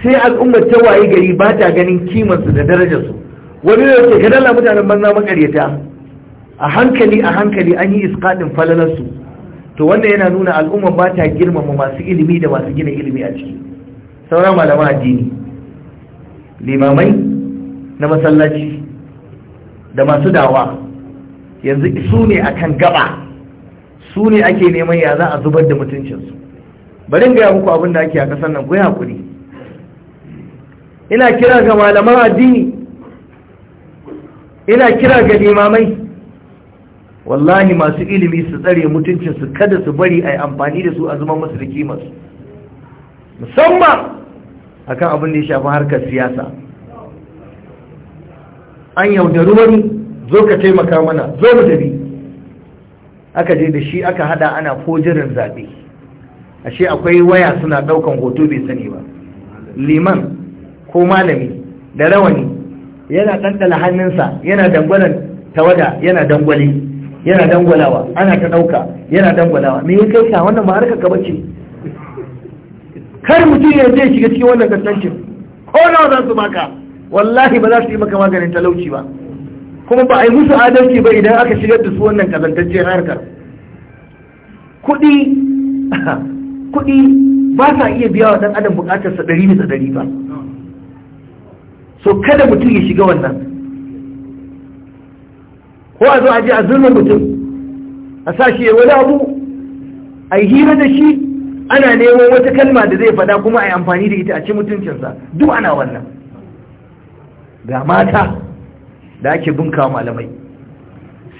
sai al'ummar ta waye gari ba ta ganin kimansu da darajarsu wani da ke dala mutanen banza makaryata a hankali a hankali an yi iskaɗin falalarsu to wannan yana nuna al'ummar ba ta girmama masu ilimi da masu gina ilimi a ciki sauran malaman addini limamai na masallaci da masu dawa yanzu su ne a kan gaba su ne ake neman ya za a zubar da mutuncinsu barin ga muku abin da ake a kasar nan kuwa hakuri. ina kira ga malaman addini ina kira ga limamai wallahi masu ilimi su tsare mutuncinsu kada su bari a yi amfani da su a zama masu da kimarsu musamman akan abin da ya shafi harkar siyasa an yaudari wani zo ka taimaka mana zo mu tafi aka je da shi aka hada ana fojirin zaɓe ashe akwai waya suna ɗaukan hoto bai sani ba liman ko malami da rawani yana ɗanɗala hannunsa yana dangwalan tawada yana dangwale yana dangwalawa ana ta ɗauka yana dangwalawa me ya kai ka wannan ba harkar ka bace kar mutum ya je shiga cikin wannan kasancin ko nawa za su baka wallahi ba za su yi maka maganin talauci ba kuma ba a yi musu adalci ba idan aka shigar da su wannan kazantaccen harkar kuɗi kudi ba sa iya biya wa ɗan adam sa dari bisa ɗari ba so kada mutum ya shiga wannan ko a zo a je a zurna mutum a sa shi wani abu a yi hira da shi ana neman wata kalma da zai faɗa kuma a yi amfani da ita a ci mutuncinsa duk ana wannan ga mata da ake bunka malamai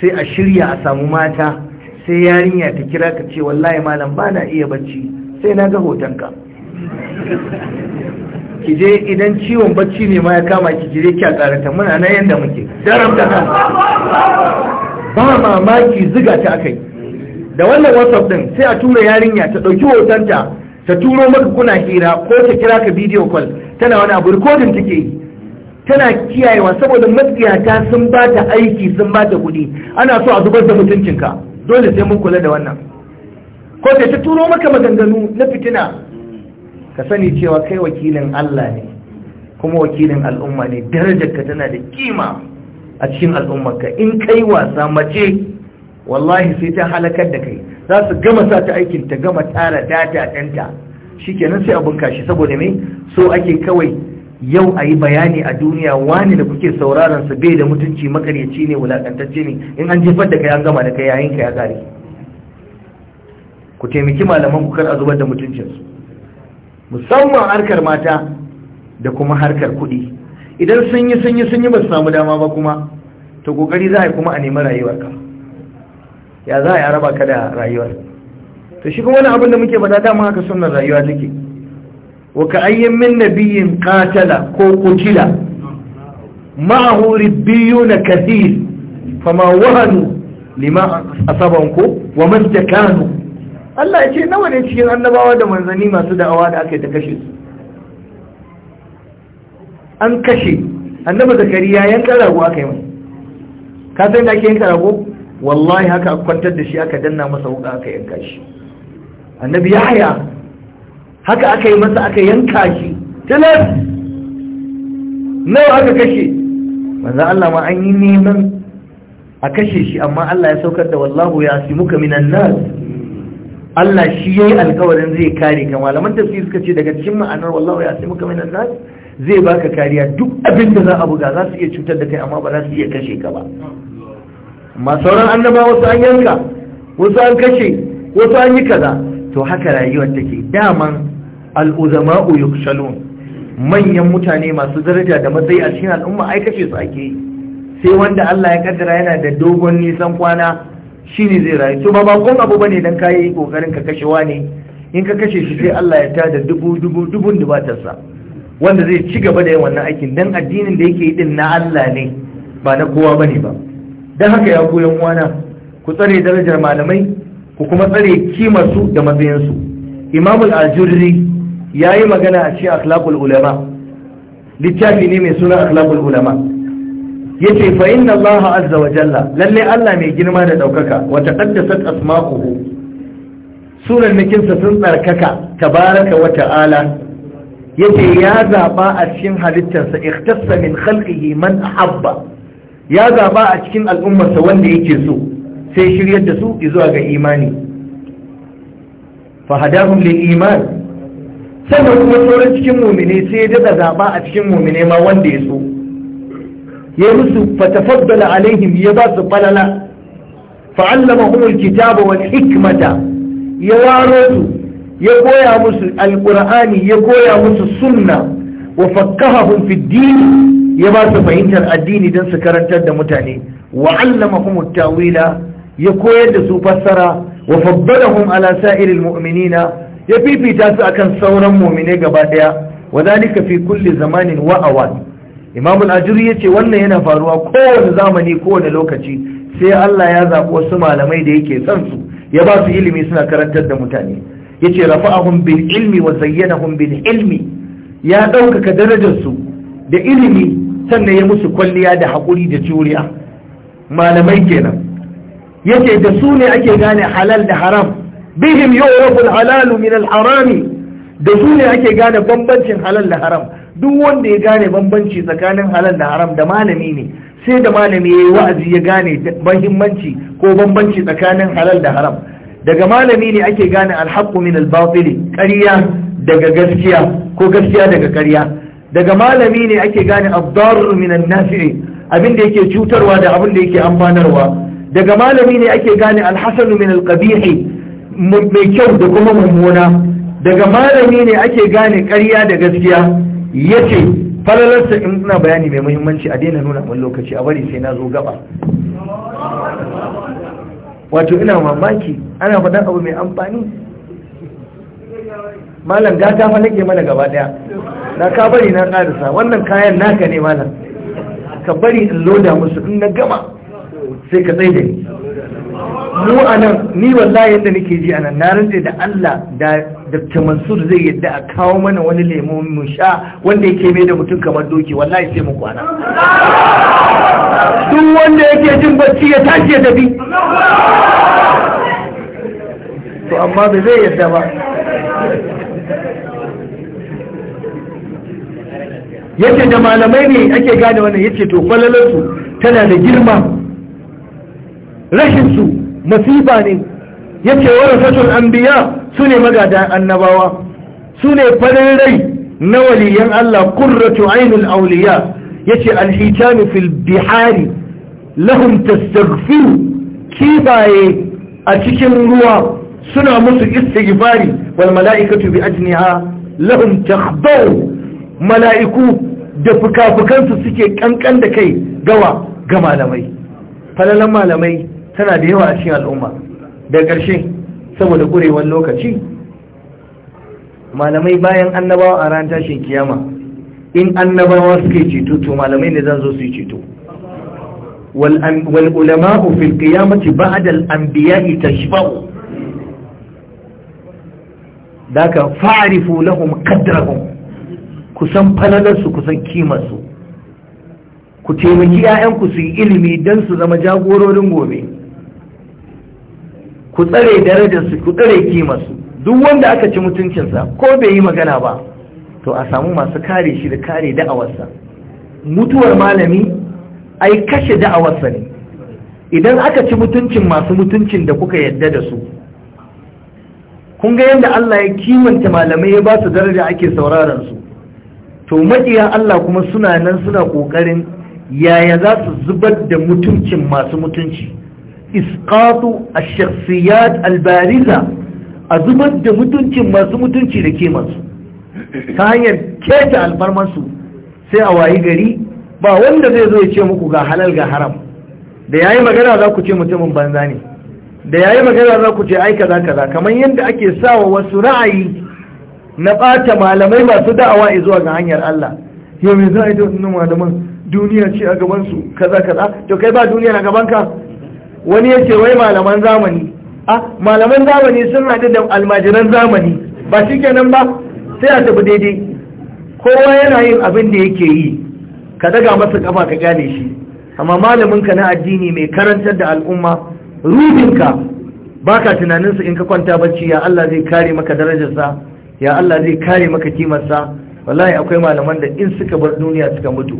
sai a shirya a samu mata sai yarinya ta kira ka ce wallahi malam ba na iya bacci sai na ga hotonka ki je idan ciwon bacci ne ma ya kama ki jire ki a tsarata muna nan yadda muke daram da nan ba mamaki ziga ta kai. da wannan whatsapp din sai a tura yarinya ta ɗauki hotonta ta turo maka kuna hira ko ta kira ka bidiyo call tana wani abu rikodin take yi tana kiyayewa saboda matsiyata sun ba ta aiki sun ba ta kuɗi ana so a zubar da mutuncinka dole sai mun kula da wannan ko ta ta turo maka maganganu na fitina ka sani cewa kai wakilin Allah ne kuma wakilin al'umma ne darajarka tana da kima a cikin al'umma ka. in kai wasa mace wallahi sai ta halakar da kai za su gama sa ta aikin ta gama tara data ɗanta shikenan sai abun kashi saboda me so ake kawai yau a yi bayani a duniya wani da kuke sauraron sa bai da mutunci makaryaci ne wulakantacce ne in an jefar da kai an gama da kai yayin ka ya gare. ku taimaki malaman ku kar a zubar da mutuncinsu musamman harkar mata da kuma harkar kuɗi idan sun yi sun yi sun yi ba su samu dama ba kuma to kokari za a yi kuma a nemi rayuwarka ya za a yi araba ka da rayuwar to shi kuma wani abin da muke faɗa dama haka sunan rayuwa take wa ka ayyin min nabiyyin katala ko qutila ma'ahu ribbiyuna kathir fama wahanu lima asabanku wa mastakanu Allah ya ce nawa ne cikin annabawa da manzanni masu da'awa da aka yi ta kashe su an kashe annaba zakariya yanka rago aka yi mai ka san da ake yanka rago wallahi haka aka kwantar da shi aka danna masa wuka aka yanka shi annabi yahya haka aka yi masa aka yanka shi tilas nawa aka kashe manzo Allah ma an yi neman a kashe shi amma Allah ya saukar da wallahu ya ka minan nas Allah shi yayi alƙawarin zai kare ka malaman tafsir suka ce daga cikin ma'anar wallahu ya ka minan nas zai baka kariya duk abin da za a buga za su iya cutar da kai amma ba za su iya kashe ka ba amma sauran annaba wasu an yanka wasu an kashe wasu an yi kaza to haka rayuwar take daman al'uzama'u yukshalun manyan mutane masu daraja da matsayi a cikin al'umma aikace su ake yi sai wanda Allah ya kaddara yana da dogon nisan kwana shine zai rayu to ba bakon abu bane dan kai kokarin ka kashe wani in ka kashe shi sai Allah ya tada dubu dubu dubun dubatarsa wanda zai ci gaba da yin wannan aikin dan addinin da yake yi din na Allah ne ba na kowa bane ba dan haka ya koya wana ku tsare darajar malamai ku kuma tsare kimar su da matsayin su imamul ajurri yayi magana a cikin akhlaqul ulama littafi ne mai suna akhlaqul ulama yace fa inna Allah azza wa jalla lalle Allah mai girma da daukaka wa taqaddasat asma'uhu sunan nakin sa sun tsarkaka tabaraka wa ta'ala yace ya zaba a cikin halittarsa ikhtassa min khalqihi man ahabba ya zaba a cikin al'ummarsa wanda yake so sai shiryar da su zuwa ga imani fa hadahum lil iman sannan kuma sauran cikin mumine sai ya daɗa zaɓa a cikin mumine ma wanda ya so ya musu fatafaddala alaihim ya ba su falala fa'allamahum alkitaba wal hikmata ya waro su ya koya musu alqur'ani ya koya musu sunna wa fakkahahum fi din ya ba su fahimtar addini don su karantar da mutane wa 'allamahum at-tawila ya koyar da su fassara wa faddalahum ala sa'iril mu'minina ya fifita su akan sauran mumine gaba ɗaya. wa zalika fi kulli zamanin wa imam al-ajuri yace wannan yana faruwa kowane zamani kowane lokaci sai Allah ya zaɓi wasu malamai da yake son su ya ba su ilimi suna karantar da mutane yace rafa'ahum bil ilmi wa zayyanahum bil ilmi ya ɗaukaka darajar su da ilimi sannan ya musu kwalliya da haƙuri da juriya malamai kenan yace da su ne ake gane halal da haram bihim yu'rafu al-halalu min al-harami da su ne ake gane bambancin halal da haram duk wanda ya gane bambanci tsakanin halal da haram da malami ne sai da malami yayi wa'azi ya gane muhimmanci ko bambanci tsakanin halal da haram daga malami ne ake gane alhaqqu min al batil ƙarya daga gaskiya ko gaskiya daga ƙarya daga malami ne ake gane ad-darr min an-nafi' abin da yake cutarwa da abin da yake amfanarwa daga malami ne ake gane al min al qabih mai kyau da kuma mummuna daga malami ne ake gane ƙarya da gaskiya ya ce falalarsa in suna bayani mai muhimmanci a daina nuna mun lokaci a bari sai na zo gaba wato ina mamaki ana faɗan abu mai amfani malam gata fa nake mana gaba daya na ka bari na ƙarisa wannan kayan naka ne malam ka bari in loda musu in na gama sai ka tsaye da ni mu a nan ni wallahi yadda nake ji a nan na rantse da Allah da Dr. Mansur zai yadda a kawo mana wani lemo mu sha wanda yake mai da mutum kamar doki wallahi sai mu kwana duk wanda yake jin bacci ya tashi ya tafi to amma ba zai yadda ba yace da malamai ne ake gane wannan yace to kwalalarsu tana da girma rashin su masifa ne yace warasatul anbiya sune magadan annabawa sune farin rai na waliyan Allah qurratu ainul awliya yace alhitanu fil bihari lahum kibaye a cikin ruwa suna musu gifari wal mala'ikatu bi ajniha lahum takhdaw mala'iku da fuka-fukansu suke kankan da kai gawa ga malamai falalan malamai tana da yawa a cikin al'umma da ƙarshe saboda ƙurewar lokaci malamai bayan annabawa a ran tashin kiyama in annabawa suke ceto to malamai ne zan zo su yi ceto wal ulama'u fil qiyamati ba'da al anbiya'i tashfa'u daka fa'rifu lahum qadrahum kusan falalarsu kusan kimarsu ku taimaki 'ya'yanku su yi ilimi don su zama jagororin gobe ku tsare darajarsu ku tsare kimarsu duk wanda aka ci mutuncinsa ko bai yi magana ba to a samu masu kare shi da kare da'awarsa mutuwar malami ai kashe da'awarsa ne idan aka ci mutuncin masu mutuncin da kuka yadda da su kun ga yadda Allah ya kimanta malamai ya ba su daraja ake sauraron su to maƙiya Allah kuma suna nan suna ƙoƙarin yaya za su zubar da mutuncin masu mutunci isqatu ash-shakhsiyat al-bariza a zubar da mutuncin masu mutunci da kemansu ta hanyar keta alfarmansu sai a wayi gari ba wanda zai zo ya ce muku ga halal ga haram da yayi magana za ku ce mutumin banza ne da yayi magana za ku ce ai kaza kaza kamar yadda ake sawa wasu ra'ayi na ɓata malamai masu da'awa zuwa ga hanyar Allah yau me za a yi da malaman duniya ce a su kaza kaza to kai ba duniya na gaban ka? wani ya ce wai malaman zamani a malaman zamani sun haɗu da almajiran zamani ba shi kenan ba sai a tafi daidai kowa yana yin abin da yake yi ka daga masa kafa ka gane shi amma malaminka na addini mai karantar da al'umma ruhinka baka tunaninsa in ka kwanta bacci ya Allah zai kare maka darajarsa ya Allah zai kare maka kimarsa wallahi akwai malaman da in suka bar duniya suka mutu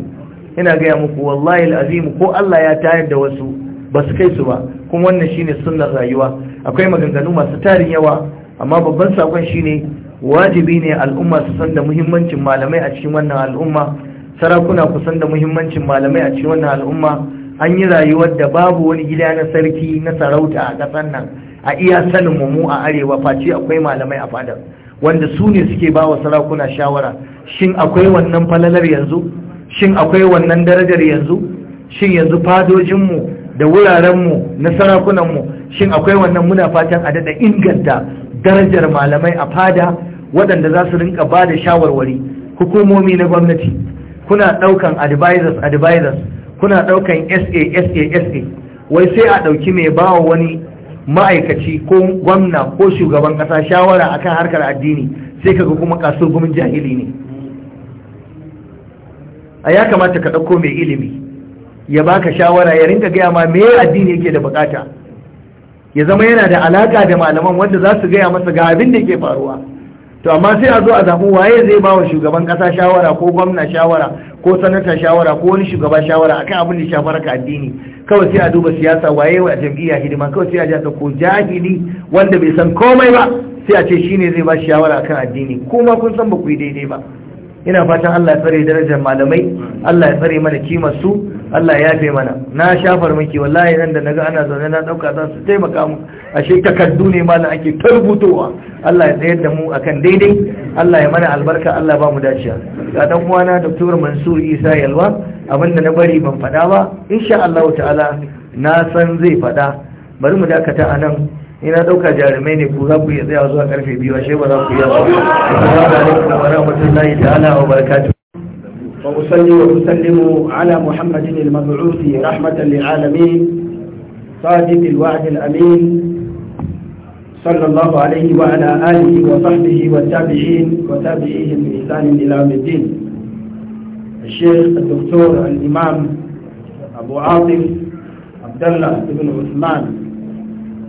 ina gaya muku wallahi al'azim ko Allah ya tayar da wasu ba su kai su ba kuma wannan shine sunnar rayuwa akwai maganganu masu tarin yawa amma babban sakon shine wajibi ne al'umma su san da muhimmancin malamai a cikin wannan al'umma sarakuna ku san da muhimmancin malamai a cikin wannan al'umma an yi rayuwar da babu wani gida na sarki na sarauta a ƙasar nan a iya sanin mu a arewa face akwai malamai a fadar wanda su ne suke bawa wa sarakuna shawara shin akwai wannan falalar yanzu shin akwai wannan darajar yanzu shin yanzu fadojinmu da wurarenmu na sarakunanmu shin akwai wannan muna fatan a daɗa inganta darajar malamai a fada waɗanda za su rinka ba da shawarwari hukumomi na gwamnati kuna ɗaukan advisors advisors kuna ɗaukan sa sa sa wai sai a ɗauki mai bawa wani ma'aikaci ko gwamna ko shugaban ƙasa shawara akan harkar addini sai kaga kuma kasu gumin jahili ne a ya kamata ka ɗauko mai ilimi ya baka shawara ya rinka gaya ma me addini yake da bukata ya zama yana da alaka da malaman wanda za su gaya masa ga abin da yake faruwa to amma sai a zo a zaɓi waye zai ba wa shugaban ƙasa shawara ko gwamna shawara ko sanata shawara ko wani shugaba shawara akan abin da shafar ka addini kawai sai a duba siyasa waye wa jam'iyya hidima kawai sai a ja ko jahili wanda bai san komai ba sai a ce shine zai ba shawara akan addini kuma kun san ba ku yi daidai ba ina fatan Allah ya tsare darajar malamai Allah ya tsare mana kimar su Allah ya fi mana na shafar miki wallahi nan da naga ana zaune na dauka za su taimaka mu ashe takaddu ne malam ake ta Allah ya tsayar da mu akan daidai Allah ya mana albarka Allah ba mu dace ga dan uwana Dr. Mansur Isa Yalwa abinda na bari ban fada ba insha Allah ta'ala na san zai fada bari mu dakata anan ina dauka jarumai ne ku za ku iya tsaya zuwa karfe biyu ashe ba za ku iya ba assalamu alaikum wa rahmatullahi ta'ala wa barakatuh أصلي وأسلم على محمد المبعوث رحمة للعالمين صادق الوعد الأمين صلى الله عليه وعلى آله وصحبه والتابعين وتابعيهم بإحسان إلى الدين الشيخ الدكتور الإمام أبو عاطف عبد الله بن عثمان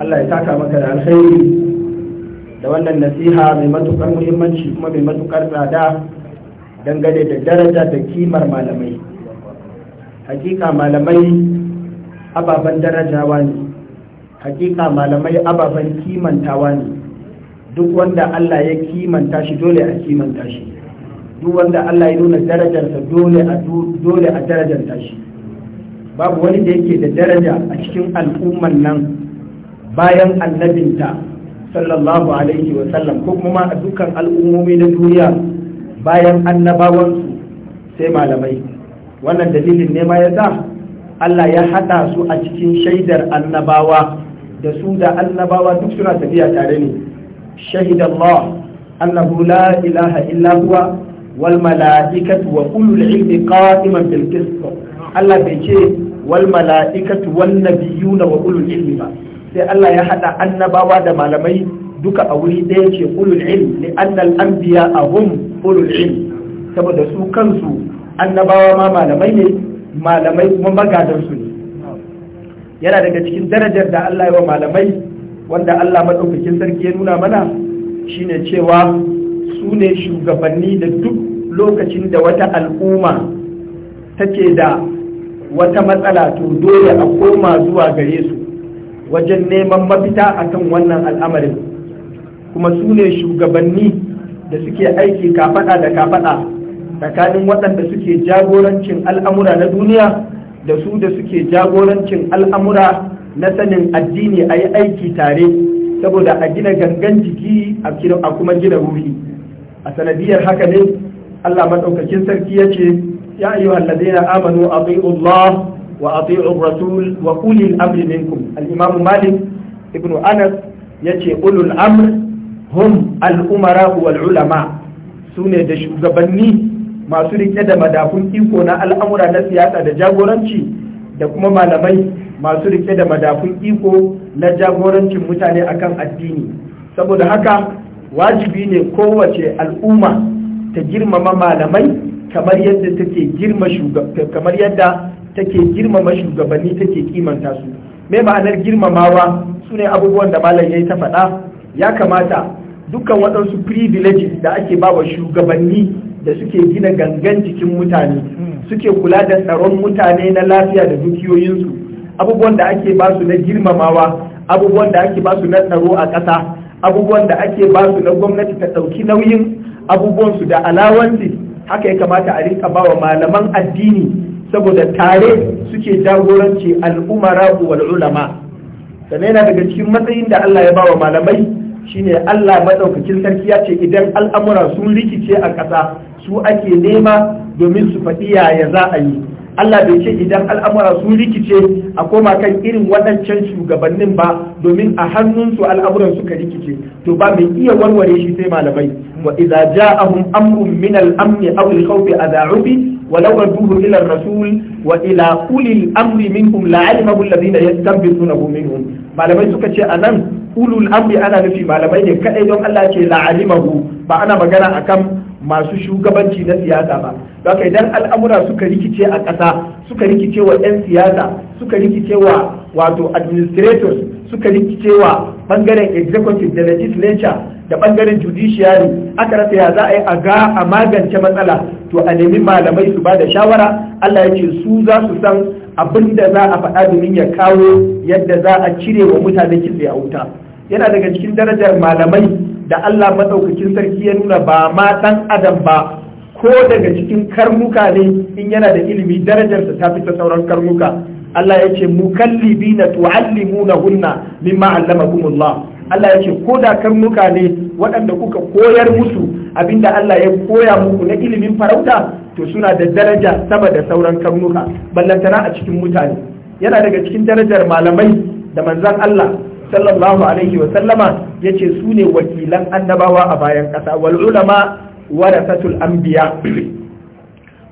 الله يتعكى مكان الخير لو أن النسيحة بمتقر مهمة muhimmanci kuma mai dangane da daraja da kimar malamai hakika malamai ababen darajawa ne hakika malamai ababen kimantawa ne duk wanda Allah ya kimanta shi dole a kimanta shi duk wanda Allah ya nuna darajarsa dole a dole a darajarta shi babu wani da yake da daraja a cikin al'umman nan bayan annabinta sallallahu alaihi wa sallam ko kuma a dukkan al'ummomi na duniya bayan annabawansu sai malamai wannan dalilin ne ma ya sa Allah ya haɗa su a cikin shaidar annabawa da su da annabawa duk suna tafiya tare ne shahid Allah annahu la ilaha illa huwa wal mala'ikatu wa ulul ilmi qa'iman bil qist Allah bai ce wal mala'ikatu wan nabiyuna wa ulul ilmi ba sai Allah ya haɗa annabawa da malamai duka a wuri ɗaya ce ulul ilmi li anna al anbiya ahum ulul saboda su kansu annabawa ma malamai ne malamai kuma magadansu ne yana daga cikin darajar da Allah ya wa malamai wanda Allah maɗaukakin sarki ya nuna mana Shi ne cewa su ne shugabanni da duk lokacin da wata al'umma take da wata matsala to dole a koma zuwa gare su wajen neman mafita akan wannan al'amarin kuma su ne shugabanni da suke aiki kafaɗa da kafaɗa tsakanin waɗanda suke jagorancin al'amura na duniya da su da suke jagorancin al'amura na sanin addini a yi aiki tare saboda a gina gangan jiki a kuma gina ruhi a sanadiyar haka ne Allah maɗaukakin sarki ya ce ya ayyu alladhina amanu ati'u Allah wa ati'u rasul wa ulil amri minkum al Malik ibn Anas yace ulul amr hum al'umara wal ulama sune da shugabanni masu rike da madafun iko na al'amura na siyasa da jagoranci da kuma malamai masu rike da madafun iko na jagorancin mutane akan addini saboda haka wajibi ne kowace al'umma ta girmama malamai kamar yadda take girma kamar yadda take girmama shugabanni take kimanta su me ma'anar girmamawa sune abubuwan da malam ya yi ta faɗa ya kamata dukkan waɗansu privileges da ake ba wa shugabanni da suke gina gangan jikin mutane suke kula da tsaron mutane na lafiya da dukiyoyinsu abubuwan da ake ba su na girmamawa abubuwan da ake ba su na tsaro a ƙasa abubuwan da ake ba su na gwamnati ta ɗauki nauyin abubuwansu da alawanci haka ya kamata a rinka wa malaman addini saboda tare suke jagoranci al'umara wal ulama sannan yana daga cikin matsayin da Allah ya ba wa malamai shine Allah madaukakin sarki ya ce idan al'amura sun rikice a ƙasa su ake nema domin su faɗi yaya za a yi Allah bai ce idan al'amura sun rikice a koma kan irin waɗancan shugabannin ba domin a hannunsu al'amuran suka rikice to ba mai iya warware shi sai malamai wa idza ja'ahum amrun min al-amn aw al-khawf adha'u bi walau radduhu ila ar-rasul wa ila ulil amri minhum la'alimahu alladhina yastanbitunahu minhum malamai suka ce a nan. ulul amri ana nufi malamai ne kadai don Allah ce la'alimahu ba ana magana akan masu shugabanci na siyasa ba don idan al'amura suka rikice a ƙasa suka rikice wa 'yan siyasa suka rikice wa wato administrators suka rikice wa bangaren executive da legislature da bangaren judiciary aka rasa ya za a yi a ga a magance matsala to a nemi malamai su ba da shawara Allah ya ce su za su san abin da za a faɗa domin ya kawo yadda za a cire wa mutane kitse a wuta yana daga cikin darajar malamai da Allah maɗaukakin sarki ya nuna ba ma ɗan adam ba ko daga cikin karnuka ne in yana da ilimi darajarsa ta fi ta sauran karnuka Allah ya ce mukallibi na tu'allimuna hunna mimma allamakumullah Allah ya ce ko da karnuka ne waɗanda kuka koyar musu abinda Allah ya koya muku na ilimin farauta to suna da daraja sama da sauran karnuka ballantana a cikin mutane yana daga cikin darajar malamai da manzon Allah sallallahu alaihi wa sallama yace su ne wakilan annabawa a bayan ƙasa. wal ulama warasatul anbiya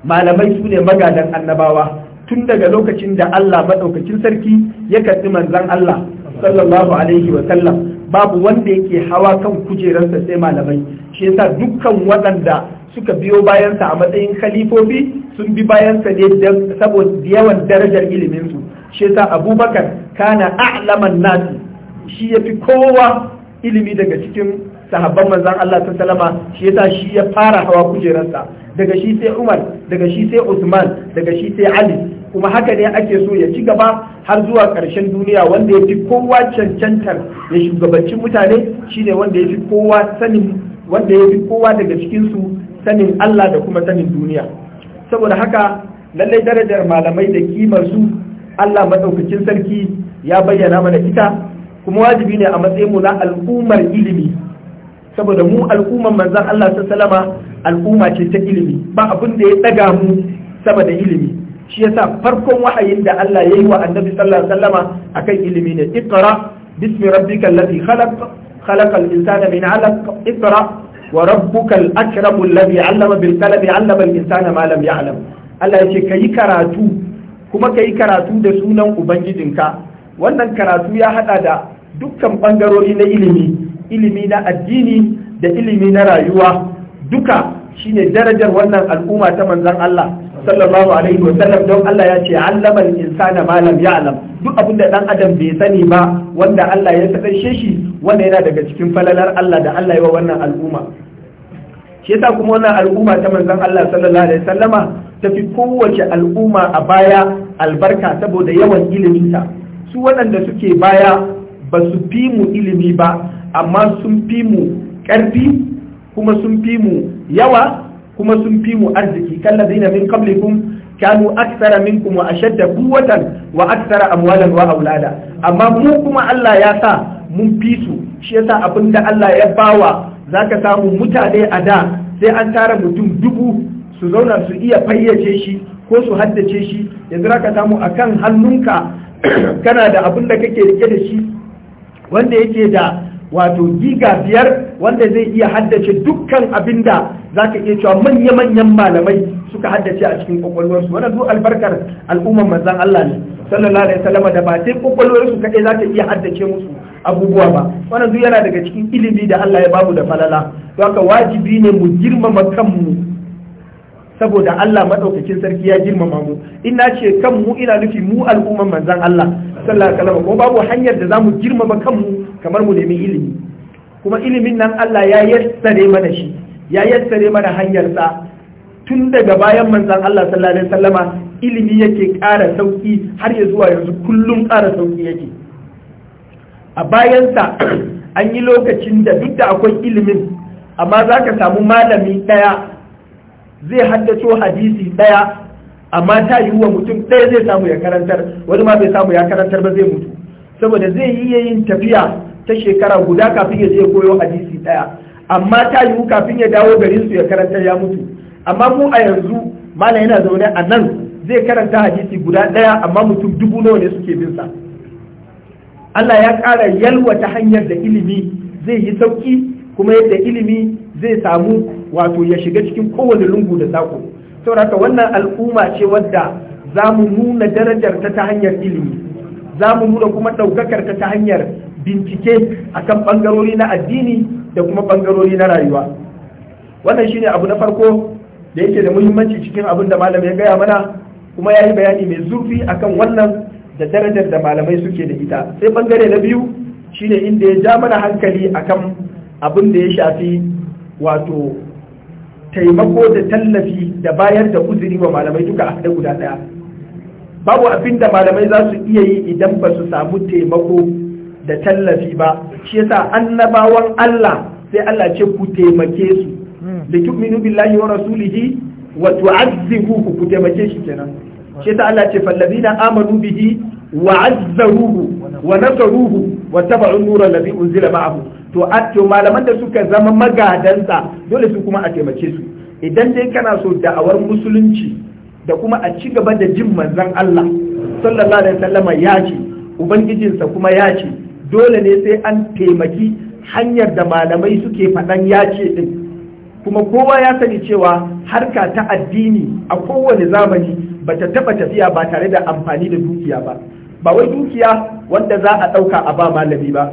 malamai su ne magadan annabawa tun daga lokacin da Allah madaukakin sarki ya karɓi manzon Allah sallallahu alaihi wa sallam babu wanda yake hawa kan kujerarsa sai malamai shi yasa dukkan waɗanda suka biyo bayansa a matsayin khalifofi sun bi bayansa ne saboda yawan darajar iliminsu shi yasa abubakar kana a'laman nasi shi ya fi kowa ilimi daga cikin sahabban manzan Allah ta salama shi yasa shi ya fara hawa kujerarsa daga shi sai Umar daga shi sai Usman daga shi sai Ali kuma haka ne ake so ya ci gaba har zuwa ƙarshen duniya wanda ya fi kowa cancantar ya shugabanci mutane shine wanda ya fi kowa sanin wanda ya fi kowa daga cikinsu sanin Allah da kuma sanin duniya saboda haka lallai darajar malamai da kimar su Allah Maɗaukacin sarki ya bayyana mana ita kuma wajibi ne a matsayin mu na al'ummar ilimi saboda mu al'ummar manzon Allah salama al'umma ce ta ilimi ba abin da ya ɗaga mu sama da ilimi shi yasa farkon wahayin da Allah ya yi wa annabi sallallahu alaihi wasallama akan ilimi ne iqra bismi rabbikal ladhi khalaq khalaqal insana min 'alaq iqra wa rabbukal akramu alladhi 'allama bil qalami 'allama al insana ma lam ya'lam Allah yace kayi karatu kuma kayi karatu da sunan ubangijinka wannan karatu ya hada da dukkan bangarori na ilimi ilimi na addini da ilimi na rayuwa duka shine darajar wannan al'umma ta manzon Allah sallallahu alaihi wa sallam don Allah ya ce allama al-insana ma lam ya'lam duk da dan adam bai sani ba wanda Allah ya sadarshe shi wanda yana daga cikin falalar Allah da Allah ya wa wannan al'umma shi yasa kuma wannan al'umma ta manzon Allah sallallahu alaihi wa sallama ta fi kowace al'umma a baya albarka saboda yawan ta su waɗanda suke baya ba su fi mu ilimi ba amma sun fi mu ƙarfi kuma sun fi mu yawa kuma sun fi mu arziki kallazina min qablikum kanu aksara minkum wa ashadda quwwatan wa aksara amwalan wa aulada amma mu kuma Allah ya sa mun fi su shi yasa abinda Allah ya bawa zaka samu mutane a da sai an tara mutum dubu su zauna su iya fayyace shi ko su haddace shi yanzu zaka samu akan hannunka kana da abin da kake rike da shi wanda yake da wato giga biyar wanda zai iya haddace dukkan abinda da za ka iya cewa manya-manyan malamai suka haddace a cikin kwakwalwarsu wannan duk albarkar al'ummar manzan Allah ne sallallahu alaihi wasallama da ba sai kwakwalwarsu kaɗai za ka iya haddace musu abubuwa ba wannan duk yana daga cikin ilimi da Allah ya bamu da falala don haka wajibi ne mu girmama kanmu saboda Allah madaukakin sarki ya girmama mu ina ce kanmu ina nufi mu al'ummar manzan Allah sallallahu alaihi wasallama ko babu hanyar da za mu girmama kanmu kamar mu nemi ilimi kuma ilimin nan Allah ya yassare mana shi ya yassare mana hanyarsa tun daga bayan manzan Allah sallallahu alaihi wasallama ilimi yake ƙara sauki har ya zuwa yanzu kullum ƙara sauki yake a bayansa an yi lokacin da duk da akwai ilimin amma za ka samu malami ɗaya zai haddaco hadisi ɗaya amma ta yiwuwa mutum ɗaya zai samu ya karantar wani ma bai samu ya karantar ba zai mutu saboda zai yi yin tafiya ta shekara guda kafin ya je koyo hadisi daya amma ta yiwu kafin ya dawo garin su ya karanta ya mutu amma mu a yanzu malam yana zaune a nan zai karanta hadisi guda ɗaya amma mutum dubu nawa ne suke bin sa Allah ya ƙara ta hanyar da ilimi zai yi sauki kuma yadda ilimi zai samu wato ya shiga cikin kowane lungu da sako saboda wannan al'umma ce wadda za mu nuna darajar ta ta hanyar ilimi za mu nuna kuma ɗaukakar ta ta hanyar bincike akan ɓangarori na addini da kuma bangarori na rayuwa wannan shine abu na farko da yake da muhimmanci cikin abin da malam ya gaya mana kuma ya yi bayani mai zurfi akan wannan da darajar da malamai suke da ita sai bangare na biyu shine inda ya ja mana hankali akan abin da ya shafi wato taimako da tallafi da bayar da uzuri wa malamai duka a da guda ɗaya babu abin da malamai za su iya yi idan ba su samu taimako da tallafi ba shi yasa annabawan Allah sai Allah ce ku taimake su da hmm. tu'minu billahi wa rasulihi wa tu'azzibuhu ku taimake shi kenan shi yasa Allah ce fallazina amanu bihi wa azzaruhu wa nasaruhu wa tabu'u nura allazi unzila ma'ahu to atto malaman da suka zama magadansa dole su kuma a taimake su idan dai kana so da'awar musulunci da kuma a ci gaba da jin manzon Allah sallallahu alaihi wasallama ya ce ubangijinsa kuma ya ce dole ne sai an taimaki hanyar da malamai suke faɗan ya ce ɗin kuma kowa ya sani cewa harka ta addini a kowane zamani ba ta taɓa tafiya ba tare da amfani da dukiya ba ba wai dukiya wanda za a ɗauka a ba malami ba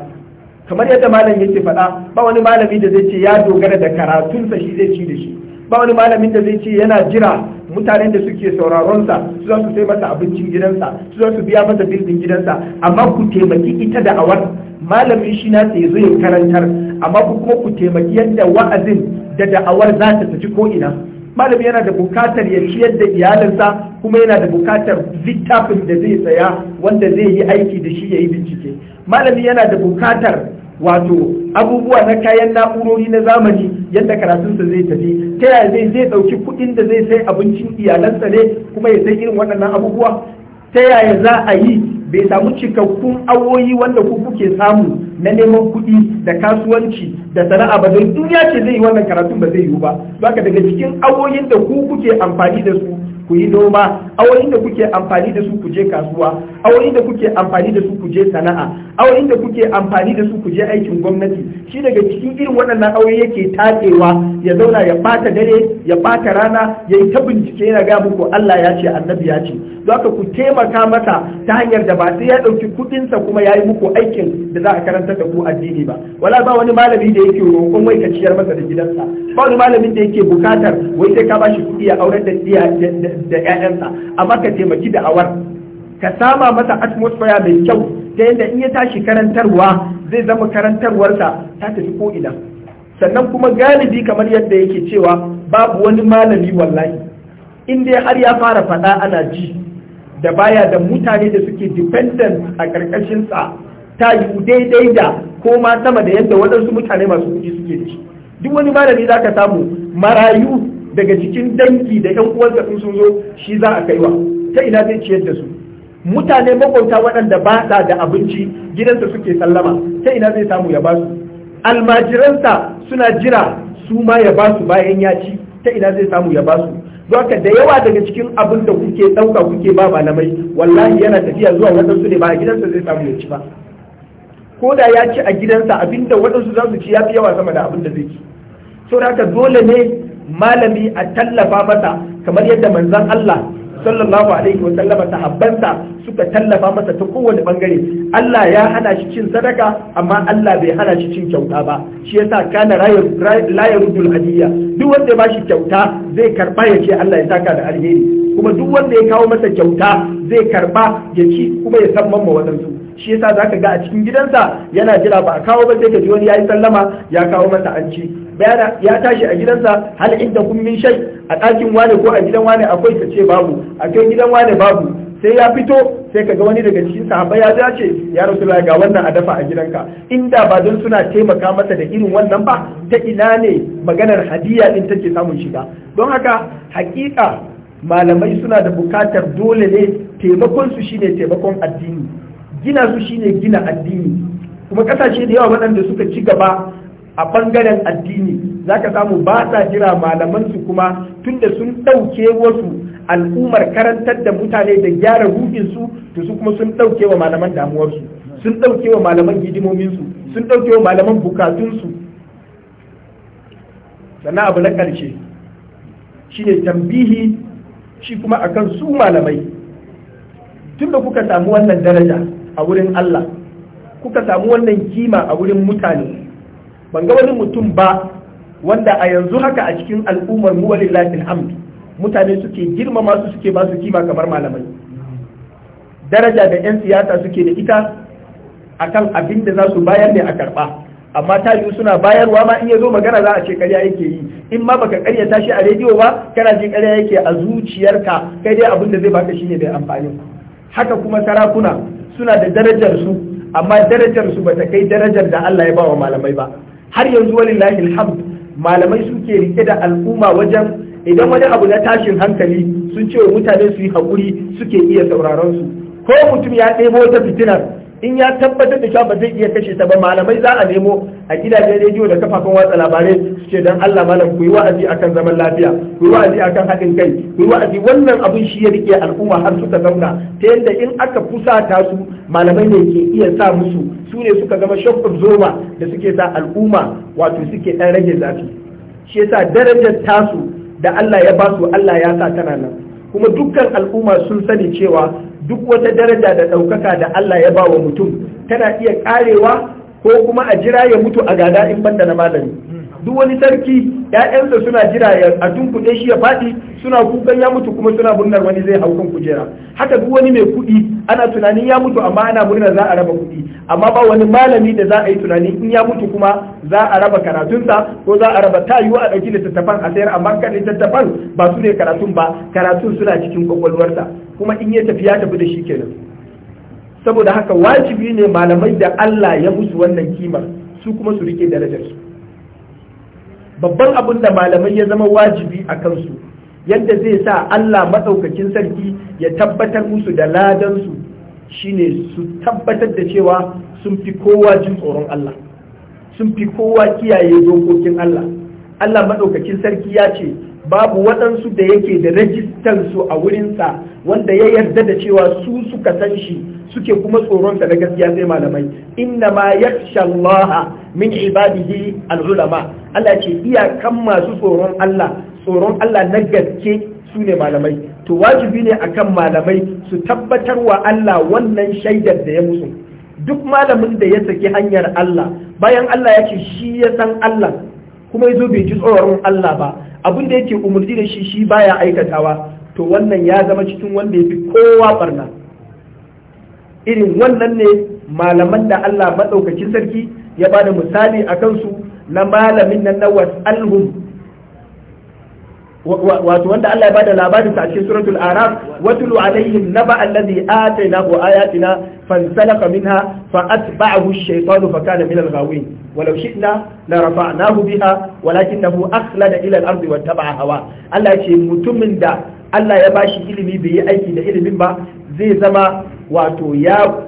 kamar yadda malam yake faɗa ba wani malami da zai ce ya dogara da karatunsa shi zai ci da shi ba wani malamin da zai ce yana jira mutanen da suke sauraron sa su za su sai masa abincin gidansa su za su biya masa bildin gidansa amma ku taimaki ita da awar malamin shi na sai zo ya karantar amma ku kuma ku taimaki yadda wa'azin da da'awar za ta tafi ko ina malami yana da bukatar ya ciyar da sa, kuma yana da bukatar littafin da zai saya wanda zai yi aiki da shi ya yi bincike malami yana da bukatar wato abubuwa na kayan na'urori na zamani yadda karatunsa zai tafi ta yaya zai zai ɗauki kuɗin da zai sai abincin iyalansa ne kuma ya sai irin waɗannan abubuwa ta yaya za a yi bai samu cikakkun awoyi wanda ku kuke samu na neman kuɗi da kasuwanci da sana'a ba don duniya ce zai yi wannan karatun ba zai yiwu ba haka daga cikin awoyin da ku kuke amfani da su ku yi noma wurin da kuke amfani da su ku je kasuwa wurin da kuke amfani da su ku je sana'a wurin da kuke amfani da su ku je aikin gwamnati shi daga cikin irin waɗannan aure yake tatsewa ya zauna ya bata dare ya bata rana ya yi ta bincike yana ga muku Allah ya ce annabi ya ce don haka ku taimaka mata ta hanyar da ba sai ya ɗauki kuɗinsa kuma ya yi muku aikin da za a karanta da ku addini ba wala ba wani malami da yake roƙon wai ka ciyar masa da gidansa ba wani malamin da yake bukatar wai sai ka shi kuɗi a auren da da 'ya'yansa amma ka taimaki da awar ka sama masa atmosphere mai kyau ta yadda in ya tashi karantarwa zai zama karantarwarsa ta tafi ko ina sannan kuma galibi kamar yadda yake cewa babu wani malami wallahi in dai har ya fara faɗa ana ji da baya da mutane da suke dependent a ƙarƙashinsa ta yi daidai da ko ma sama da yadda waɗansu mutane masu kuɗi suke da duk wani malami za ka samu marayu daga cikin danki da yan uwansa in sun zo shi za a kaiwa ta ina zai ciyar da su mutane makwabta waɗanda ba sa da abinci gidansa suke sallama ta ina zai samu ya basu almajiransa suna jira su ma ya basu bayan ya ci ta ina zai samu ya basu haka da yawa daga cikin abin da kuke ɗauka kuke ba malamai wallahi yana tafiya zuwa waɗansu ne ba a gidansa zai samu ya ci ba ko da ya ci a gidansa abinda waɗansu za su ci ya fi yawa sama da abin da zai ci so haka dole ne malami a tallafa masa kamar yadda manzon Allah sallallahu alaihi wa sahabbansa suka tallafa masa ta kowane bangare Allah ya hana shi cin sadaka amma Allah bai hana shi cin kyauta ba shi yasa kana la yarudul hadiyya duk wanda ya bashi kyauta zai karba ya ce Allah ya saka da alheri kuma duk wanda ya kawo masa kyauta zai karba ya ci kuma ya san mamma wadansu shi yasa zaka ga a cikin gidansa yana jira ba a kawo ba sai ka ji wani yayi sallama ya kawo masa an ci bayana ya tashi a gidansa hal inda kun min shai a ɗakin wane ko a gidan wane akwai ka ce babu a kai gidan wane babu sai ya fito sai ka ga wani daga cikin sahabbai ya dace ya rasu ga wannan a dafa a gidanka inda ba don suna taimaka masa da irin wannan ba ta ina ne maganar hadiya din take samun shiga don haka hakika malamai suna da bukatar dole ne taimakon su shine taimakon addini gina su shine gina addini kuma kasashe da yawa waɗanda suka ci gaba a bangaren addini za ka samu ba sa jira malamansu kuma tunda sun ɗauke wasu al'ummar karantar da mutane da gyara ruhinsu to su kuma sun ɗauke wa malaman damuwarsu sun ɗauke wa malaman hidimominsu sun ɗauke wa malaman bukatunsu sannan abu na ƙarshe shi ne tambihi shi kuma akan su malamai tun da kuka samu wannan daraja a wurin Allah kuka samu wannan kima a wurin mutane ban ga wani mutum ba wanda a yanzu haka a cikin al'ummar mu walillahi alhamd mutane suke girmama su suke ba su kima kamar malamai daraja da 'yan siyasa suke da ita akan abin da za su bayar ne a karɓa amma ta yiwu suna bayarwa ma in ya zo magana za a ce karya yake yi in ma baka karya tashi a rediyo ba kana jin karya yake a zuciyarka kai dai abin da zai baka shine bai amfani haka kuma sarakuna suna da darajar su amma darajar su bata kai darajar da Allah ya ba wa malamai ba har yanzu walillahi alhamd malamai suke rike da al'umma wajen idan wani abu na tashin hankali sun ce wa mutane su yi haƙuri suke iya sauraron su ko mutum ya ɗebo wata fitinar in ya tabbatar da cewa ba zai iya kashe ta ba malamai za a nemo a gidajen rediyo da kafafen watsa labarai su ce dan Allah malam ku yi wa'azi akan zaman lafiya ku yi wa'azi akan haɗin kai ku yi wa'azi wannan abin shi ya rike al'umma har suka zauna ta yadda in aka fusata su malamai ne ke iya sa musu su ne suka zama shafin zoma da suke sa al'umma wato suke ɗan rage zafi shi yasa darajar tasu da Allah ya ba su Allah ya sa tana nan kuma dukkan al'umma sun sani cewa duk wata daraja da ɗaukaka da Allah ya ba wa mutum tana iya ƙarewa ko kuma a jira ya mutu a gada in banda na malami duk wani sarki ƴaƴansa suna jira a tunkuɗe shi ya faɗi suna kukan ya mutu kuma suna murnar wani zai hau kan kujera haka duk wani mai kuɗi ana tunanin ya mutu amma ana murnar za a raba kuɗi amma ba wani malami da za a yi tunani in ya mutu kuma za a raba karatunsa ko za a raba ta yiwu a ɗauki littattafan a sayar amma kan littattafan ba su ne karatun ba karatun suna cikin kwakwalwarsa kuma in ya tafi ya tafi da shi kenan saboda haka wajibi ne malamai da Allah ya musu wannan kimar su kuma su rike darajarsu babban abin da malamai ya zama wajibi a kansu yadda zai sa Allah matsaukakin sarki ya tabbatar musu da ladansu shine su tabbatar da cewa sun fi kowa jin tsoron Allah sun fi kowa kiyaye dokokin Allah Allah matsaukakin sarki ya ce babu waɗansu da yake da rajistansu a wurinsa wanda ya yarda da cewa su suka san shi suke kuma tsoronsa na gaskiya sai malamai inna ma yakhsha Allah min ibadihi al-ulama Allah ce iyakan masu tsoron Allah tsoron Allah na gaske su ne malamai to wajibi ne akan malamai su tabbatar wa Allah wannan shaidar da ya musu duk malamin da ya saki hanyar Allah bayan Allah ya ce shi ya san Allah kuma yazo bai ji tsoron Allah ba abin da yake umarni da shi shi baya aikatawa to wannan ya zama cikin wanda ya fi kowa barna irin wannan ne malaman da Allah maɗaukacin sarki ya bada misali a kansu na malamin nan na was'alhum wato wanda Allah ya bada labarin sa a cikin suratul araf watulu alaihim naba alladhi atainahu ayatina fansalaka minha fa atba'ahu ash-shaytanu fa kana min al-ghawin walau shi'na la rafa'nahu biha walakinahu akhlada ila al-ardi wattaba'a hawa Allah ya ce mutumin da Allah ya bashi ilimi bai yi aiki da ilimin ba zai zama wato ya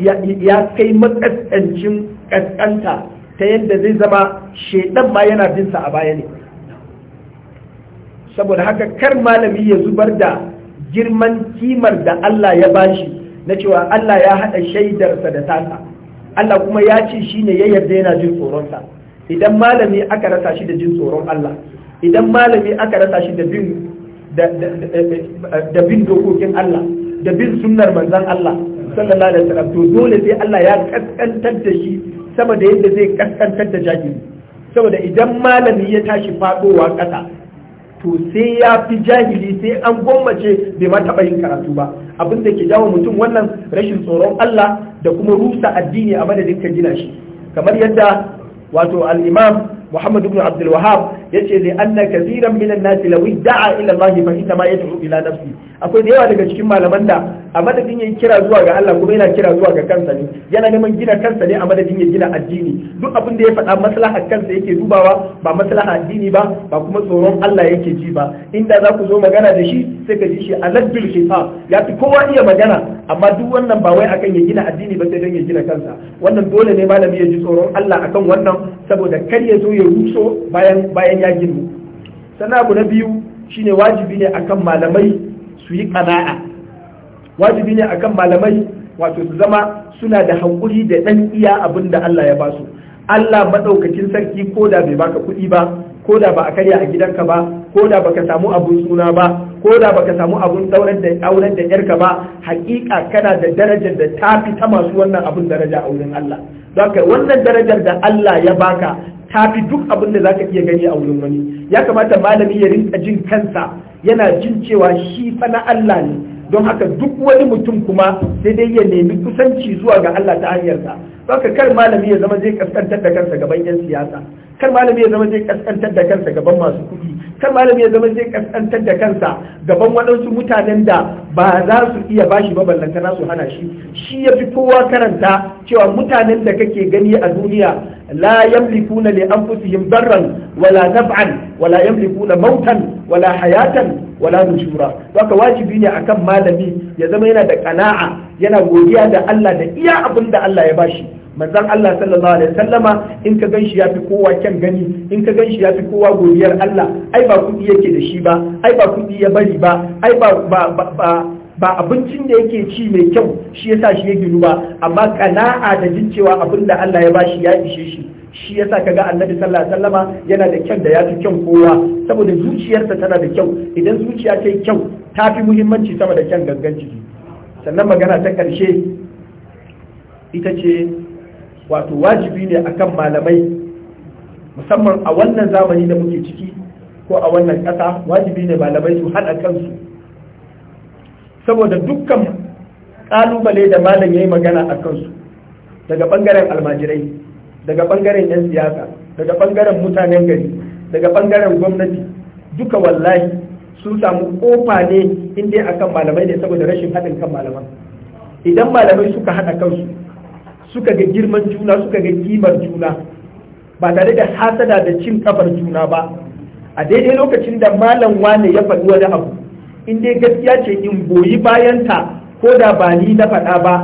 kai matsancin kaskanta ta yadda zai zama shaidan ma yana bin a baya ne saboda haka kar malami ya zubar da girman kimar da Allah ya bashi na cewa Allah ya haɗa shaidarsa da tasa Allah kuma ya ce shi ne ya yarda yana jin tsoronsa idan malami aka rasa shi da jin tsoron Allah idan malami aka rasa shi da bin Eh, eh, da bin dokokin Allah da bin sunnar manzon Allah sallallahu alaihi wasallam to dole sai Allah ya kaskantar da shi sama da yadda zai kaskantar da jahili saboda idan malami ya tashi fadowa kasa to sai ya fi jahili sai an gwammace bai ma taɓa yin karatu ba abin da ke jawo mutum wannan rashin tsoron Allah da kuma rusa addini a madadin ka gina shi kamar yadda wato al-imam Muhammad ibn Abdul Wahhab yace li anna kaseeran min an-nas law da'a ila Allah fa inna ma yad'u akwai da yawa daga cikin malaman da a madadin yin kira zuwa ga Allah kuma yana kira zuwa ga kansa ne yana neman gina kansa ne a madadin ya gina addini duk abin da ya faɗa maslahar kansa yake dubawa ba maslaha addini ba ba kuma tsoron Allah yake ji ba inda za ku zo magana da shi sai ka ji shi aladdul khitab ya fi kowa iya magana amma duk wannan ba wai akan ya gina addini ba sai don ya gina kansa wannan dole ne malami ya ji tsoron Allah akan wannan saboda kar ya zo ya ruso bayan ya girma sannan abu na biyu shine wajibi ne akan malamai su yi qana'a wajibi ne akan malamai wato su zama suna da hankuri da ɗan iya abin da Allah ya ba su Allah maɗaukacin sarki ko da bai baka kuɗi ba ko da ba a karya a gidanka ba ko da baka samu abun suna ba ko da baka samu abun daurar da da yarka ba hakika kana da darajar da ta fi ta masu wannan abun daraja a wurin Allah don wannan darajar da Allah ya baka ta fi duk abin da za ka iya gani a wurin wani ya kamata malami ya rinka jin kansa yana jin cewa shi fa na Allah ne don haka duk wani mutum kuma sai dai ya nemi kusanci zuwa ga Allah ta hanyarsa Baka kar malami ya zama zai kaskantar da kansa gaban yan siyasa, kar malami ya zama zai kaskantar da kansa gaban masu kuɗi, kar malami ya zama zai kaskantar da kansa gaban waɗansu mutanen da ba za su iya bashi ba na su hana shi. Shi ya fi kowa karanta cewa mutanen da kake gani a duniya la yamlikuna li anfusihim darran wala naf'an wala yamlikuna mautan wala hayatan wala nushura haka wajibi ne akan malami ya zama yana da ƙana'a yana godiya da Allah da iya abin da Allah ya bashi manzon Allah sallallahu alaihi wasallama in ka ganshi yafi kowa kyan gani in ka ganshi yafi kowa godiyar Allah ai ba kudi yake da shi ba ai ba kudi ya bari ba ai ba ba ba abincin da yake ci mai kyau shi yasa shi ya ginu ba amma kana'a da jin cewa abin da Allah ya bashi ya ishe shi shi yasa kaga annabi sallallahu alaihi wasallama yana da kyan da yafi kyan kowa saboda zuciyarsa tana da kyau idan zuciya ta yi kyau ta fi muhimmanci sama da kyan gangan ciki sannan magana ta karshe ita ce wato wajibi ne akan malamai musamman a wannan zamani da muke ciki ko a wannan ƙasa wajibi ne malamai su haɗa kansu saboda dukkan kalubale da malam ya yi magana a kansu daga bangaren almajirai daga bangaren 'yan siyasa daga bangaren mutanen gari daga bangaren gwamnati duka wallahi sun samu kofa ne inda akan malamai ne saboda rashin haɗin kan malaman idan malamai suka haɗa kansu suka ga girman juna suka ga kimar juna ba tare da hasada da cin kafar juna ba a daidai lokacin da malam wane ya faɗi wani abu in dai gaskiya ce in goyi bayanta ko da ba ni na faɗa ba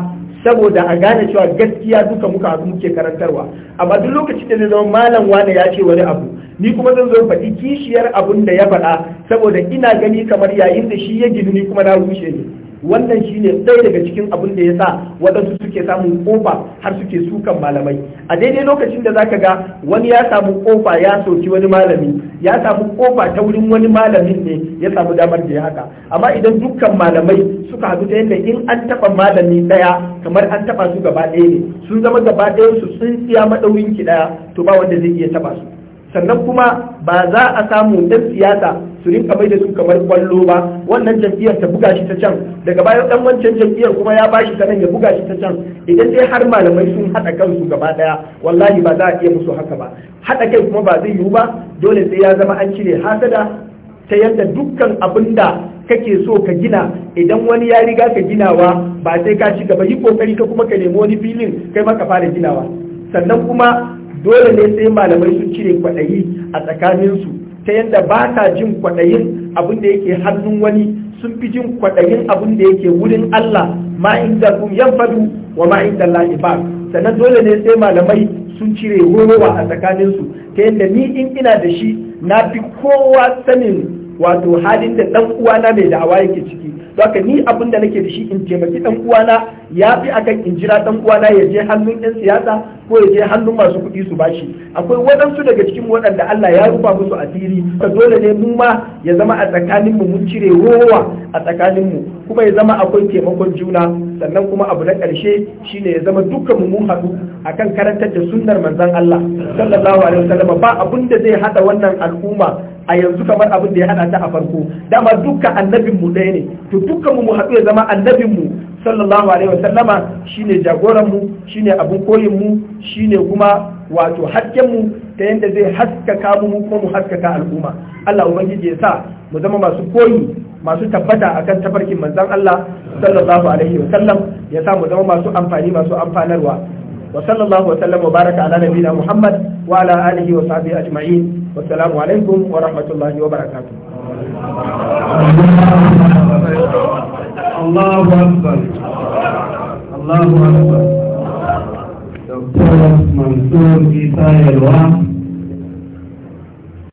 saboda a gane cewa gaskiya duka muka abu muke karantarwa amma duk lokacin da na zama malam wani ya ce wani abu ni kuma zan zo faɗi kishiyar abun da ya faɗa saboda ina gani kamar yayin da shi ya gini ni kuma na rushe ni wannan shi ne ɗaya daga cikin abin da ya sa waɗansu suke samun ƙofa har suke sukan malamai a daidai lokacin da zaka ga wani ya samu ƙofa ya soki wani malami ya samu ƙofa ta wurin wani malamin ne ya samu damar da ya haka amma idan dukkan malamai suka haɗu ta yadda in an taɓa malami ɗaya kamar an taɓa su gaba ɗaya ne sun zama gaba ɗaya su sun tsiya maɗaurin ki ɗaya to ba wanda zai iya taɓa su sannan kuma ba za a samu ɗan siyasa su rinka mai da su kamar kwallo ba wannan jam'iyyar ta buga shi ta can daga bayan dan wancan jam'iyyar kuma ya bashi ta nan ya buga shi ta can idan dai har malamai sun hada kansu gaba daya wallahi ba za a iya musu haka ba hada kai kuma ba zai yiwu ba dole sai ya zama an cire hasada ta yadda dukkan abin da kake so ka gina idan wani ya riga ka ginawa ba sai ka ci gaba yi kokari ka kuma ka nemi wani filin kai maka fara ginawa sannan kuma dole ne sai malamai sun cire kwaɗayi a tsakaninsu ta yadda ba ta jin kwaɗayin abin da yake hannun wani sun fi jin kwaɗayin abin da yake wurin Allah ma inda yan fadu wa ma inda Allah ba sannan dole ne sai malamai sun cire horowa a tsakaninsu ta yadda ni in ina da shi na fi kowa sanin wato halin da dan uwana mai da'awa yake ciki haka ni abin da nake da shi in taimaki dan uwana ya fi akan in jira dan uwana ya je hannun yan siyasa ko ya je hannun masu kuɗi su bashi akwai waɗansu daga cikin waɗanda Allah ya rufa musu asiri ta dole ne mu ma ya zama a tsakanin mu mun cire rowa a tsakanin mu kuma ya zama akwai taimakon juna sannan kuma abu na ƙarshe shine ya zama dukkan mu mun haɗu akan karantar da sunnar manzon Allah sallallahu alaihi wasallam ba abin da zai hada wannan al'umma a yanzu kamar abin da ya hada ta a farko dama dukkan annabinmu ɗaya ne to dukkan mu haɗu ya zama annabin mu sallallahu alaihi wa sallama shine jagoranmu shine abin koyin mu shine kuma wato hasken mu ta yanda zai haskaka mu kuma mu haskaka al'umma Allah ubangiji ya sa mu zama masu koyi masu tabbata akan tafarkin manzon Allah sallallahu alaihi wa sallam ya sa mu zama masu amfani masu amfanarwa wa sallallahu ala nabiyina Muhammad wa ala wa sahbihi ajma'in والسلام عليكم ورحمة الله وبركاته الله أكبر الله أكبر الله أكبر الله يلوان